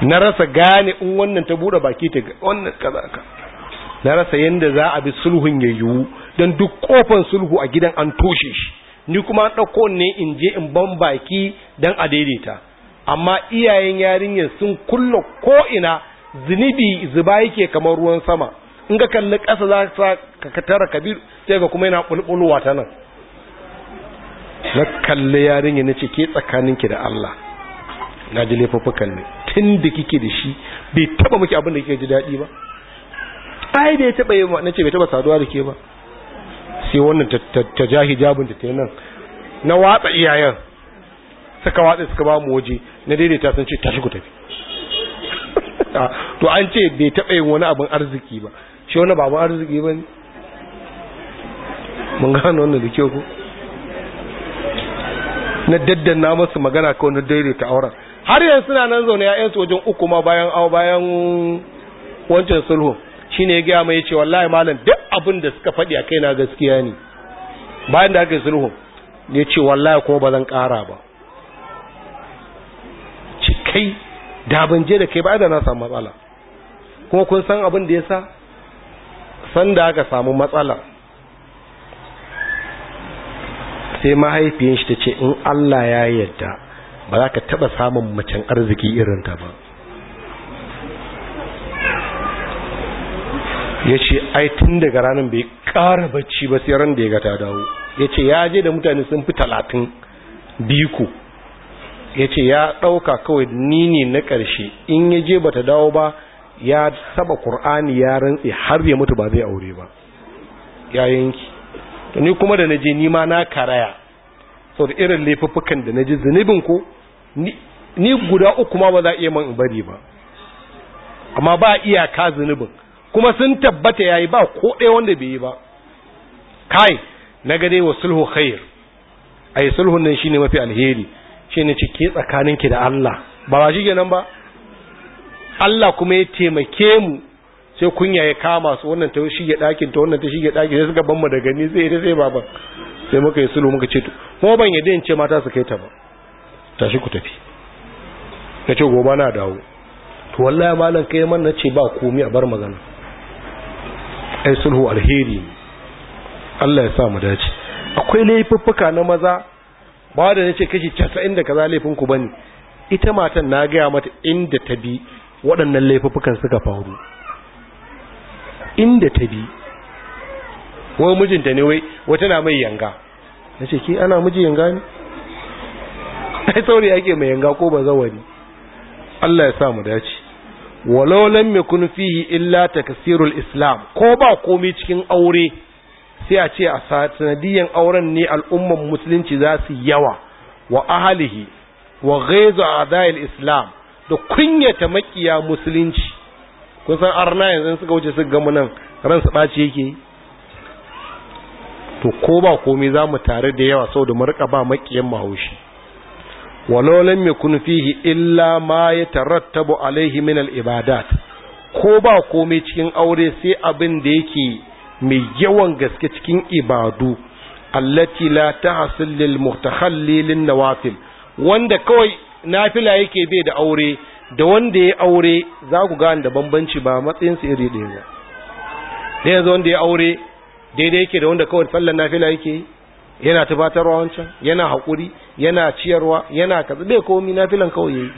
na rasa gane in wannan ta bude baki ta wannan kaza ka na rasa yanda za a bi sulhun ya yiwu don duk kofan sulhu a gidan an toshe shi ni kuma an ɗauko ne in je in ban baki dan a daidaita amma iyayen yarinyar sun kulla ina zunubi zuba yake kamar ruwan sama in ka kalli ƙasa za ka sa ka tara Kabiru, sai ga kuma yana bulbulwa ta nan na kalli yarinya na ce ke tsakaninki da Allah na ji laifuffukan ne tun da kike da shi bai taba muke abin da kike ji daɗi ba ai bai taba yi ba nace bai taba saduwa da ke ba sai wannan ta ja hijabin ta nan na watsa iyayen suka watsa suka ba mu waje na daidaita sun ce ta shi ku tafi to an ce bai taɓa yin wani abin arziki ba shi wani babu arziki ba ne mun gano wannan da kyau ku na na masu magana kawai na daidaita auren har yanzu suna nan zaune ya'yansu wajen uku ma bayan awa bayan wancan sulhu shi ne ya gaya mai ce wallahi malam duk abin da suka faɗi a kaina gaskiya ne bayan da aka sulhu ya ce wallahi kuma ba zan ƙara ba ci kai da ban je da kai ba da na samu matsala kuma kun san abin da ya sa sanda aka samu matsala sai mahaifiyin shi ta ce in Allah ya yadda ba za ka taba samun macen arziki irin ta ba ya ce ai tun daga ranar bai kara bacci ba sai ran da ya ga dawo ya ce ya je da mutane sun fi talatin biku ya ce ya ɗauka kawai ni ne na ƙarshe in ya je ba ta dawo ba ya saba qur'ani ya rantsi har ya mutu ba zai aure ba ya yanki to ni kuma da naje ni ma na karaya da irin laifuffukan da na ji zunubin ko ni guda uku ma ba za iya man bari ba amma ba iyaka zunubin kuma sun tabbata ya yi ba ko ɗaya wanda bai yi ba kai na ga dai wa sulhu khair ai sulhun nan shine mafi alheri shine cike tsakaninki da Allah ba ba shikenan ba Allah kuma ya taimake mu sai kunya ya kama su wannan ta shige ɗakin ta wannan ta shige ɗakin sai suka ban mu da gani sai ita sai baban sai muka yi sulu muka ce to kuma ban yadda in ce mata su kai ta ba tashi ku tafi na ce gobe na dawo to wallahi malam kai man na ce ba komai a bar magana ai sulhu alheri Allah ya sa mu dace akwai laifuffuka na maza ba da nace kashi 90 da kaza laifin ku bane ita matan na gaya mata inda ta bi waɗannan laifukan suka faru inda ta bi wai mijinta ne wai wata na mai yanga na ce ki ana miji yanga ne ai sauri ake mai yanga ko ba zawari Allah ya sa mu dace walau lam yakun fihi illa takasirul islam ko ba komai cikin aure sai a ce a sanadiyan auren ne al'umman musulunci za su yawa wa ahalihi wa ghaizu a'da'il islam da kunyata makiya musulunci kun san arna yanzu suka wuce suka gamu nan ransu ɓaci yake to ko ba komai za mu tare da yawa saboda da marka ba makiyan mahaushi walolan mai kun fihi illa ma ya tarattabu alaihi min al'ibadat ko ba komai cikin aure sai abin da yake mai yawan gaske cikin ibadu allati la tahsil lil mutakhallilin nawafil wanda kawai nafila yake bai da aure da wanda ya aure za ku gane da bambanci ba matsayinsu iri ɗaya ba da yanzu wanda ya aure daidai yake da wanda kawai sallar nafila yake yana tubatarwa wancan yana haƙuri yana ciyarwa yana kaza bai komi nafilan kawai yayi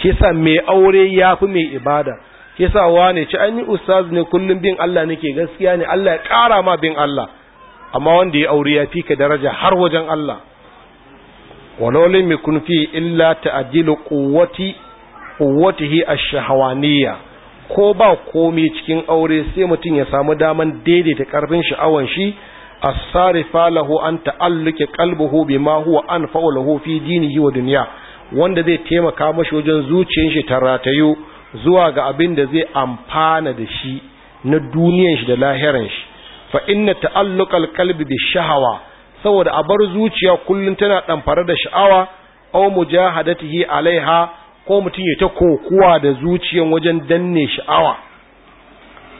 ke sa mai aure ya fi mai ibada ke sa wane ci an yi ustaz ne kullum bin Allah nake gaskiya ne Allah ya ƙara ma bin Allah amma wanda ya aure ya fi ka daraja har wajen Allah walau lam yakun fi illa ta'dilu quwwati quwwatihi ash ko ba komai cikin aure sai mutum ya samu daman daidaita karfin sha'awan shi as-sarifa lahu an ta'alluqi qalbuhu bima huwa anfa'u lahu fi dinihi wa dunya wanda zai taimaka mashi wajen zuciyar shi ta ratayo zuwa ga abin da zai amfana da shi na duniyar shi da lahiran shi fa inna ta'alluqal qalbi bi shahawa saboda a bar zuciya kullum tana ɗamfare da sha'awa aw mujahadatihi alaiha ko mutum ya ta kokuwa da zuciyan wajen danne sha'awa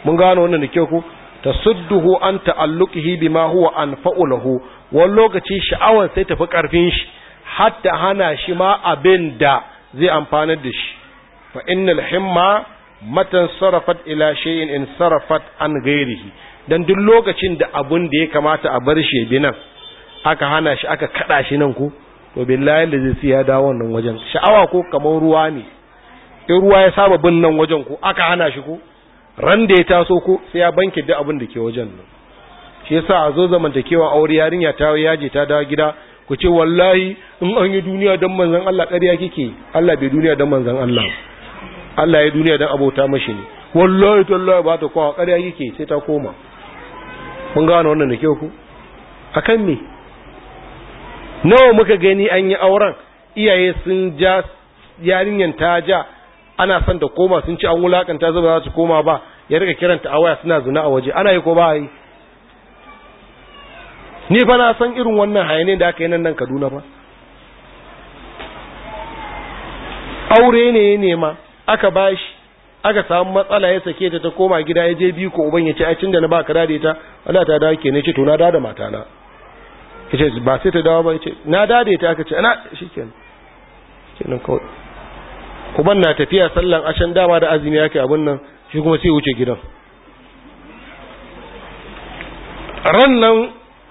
mun gano wannan da kyau ko tasudduhu an ta'alluqihi bima huwa anfa'u lahu wani lokaci sha'awar sai tafi karfin shi hatta hana shi ma abin da zai amfana da shi fa innal himma matan sarafat ila shay'in in sarafat an ghairihi dan duk lokacin da abun da ya kamata a bar shi bi nan aka hana shi aka kada shi nan ko to billahi da zai siya da wannan wajen sha'awa ko kamar ruwa ne in ruwa ya saba bin nan wajen ko aka hana shi ko ran da ya taso ko sai ya banke duk abin da ke wajen nan shi yasa a zo kewa aure yarinya ta yaje ta dawo gida ku ce wallahi in an yi duniya don manzan Allah ƙarya kike Allah bai duniya don manzan Allah Allah ya duniya don abota mashi ne wallahi tallahi ba ta kowa ƙarya kike sai ta koma kun gano wannan da kyau ku akan me nawa muka gani an yi auren iyaye sun ja yarinyar ta ja ana son ta koma sun ci an wulakanta zaba za su koma ba ya rika kiranta a waya suna zuna a waje ana yi ko ba yi ni fa na san irin wannan hayane da aka yi nan nan Kaduna ba aure ne ya nema aka bashi aka samu matsala ya sake ta ta koma gida ya je biyu ko uban ya a cin da na ba ka dade ta Allah ta dawo kenan ce to na da da matana yace ba sai ta dawo ba yace na dade ta aka ce ana shikenan kenan kuban na tafiya sallan ashan dama da azumi yake abun nan shi kuma sai wuce gidan ran nan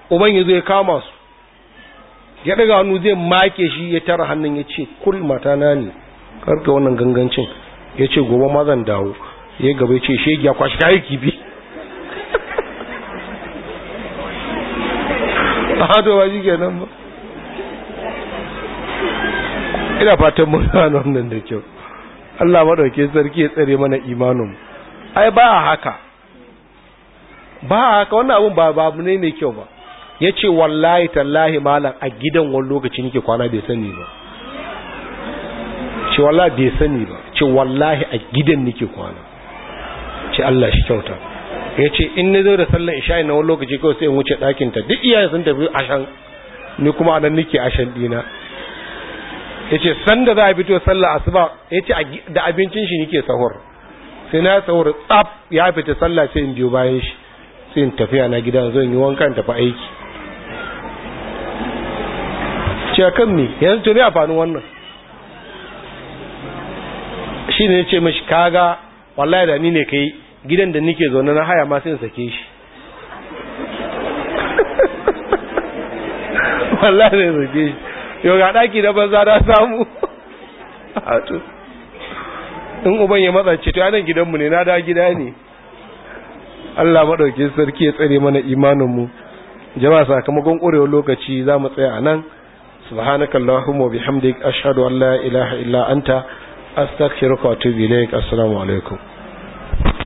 uban yazo ya kama su ya daga hannu zai make shi ya tara hannun ya ce kul mata na ne karka wannan gangancin ya ce gobe ma zan dawo ya gaba ya ce shegi ya kwashi yi kifi a to ba shi kenan ba ina fatan mun gano wannan da kyau Allah madauke sarki ya tsare mana imanin ai ba haka ba haka wannan abun ba ba ne ne kyau ba yace wallahi tallahi malam a gidan wani lokaci nake kwana bai sani ba ce wallahi bai sani ba ce wallahi a gidan nake kwana ce Allah shi kyauta ya ce in na zo da sallan isha'i na wani lokaci kawai sai in wuce ɗakinta duk iyaye sun tafi ashan ni kuma anan nike ashan dina ya ce san da za a fito sallah asuba ya ce da abincin shi nike sahur sai na sahur tsaf ya fita sallah sai in biyo bayan shi sai in tafiya na gida zan yi wankan tafi aiki ce a kan ne yanzu to ne a wannan shi ne ce mashi kaga wallahi da ni ne ka yi gidan da nike zaune na haya ma sai in sake shi wallahi sai sake shi yau ga daki da banza da samu a to in uban ya matsa ce to nan gidanmu ne na da gida ne Allah madauke sarki ya tsare mana imanin mu jama'a sakamakon ƙorewar lokaci za mu tsaya a nan subhanakallahumma bihamdik ashhadu an la ilaha illa anta astaghfiruka wa atubu ilaik assalamu alaikum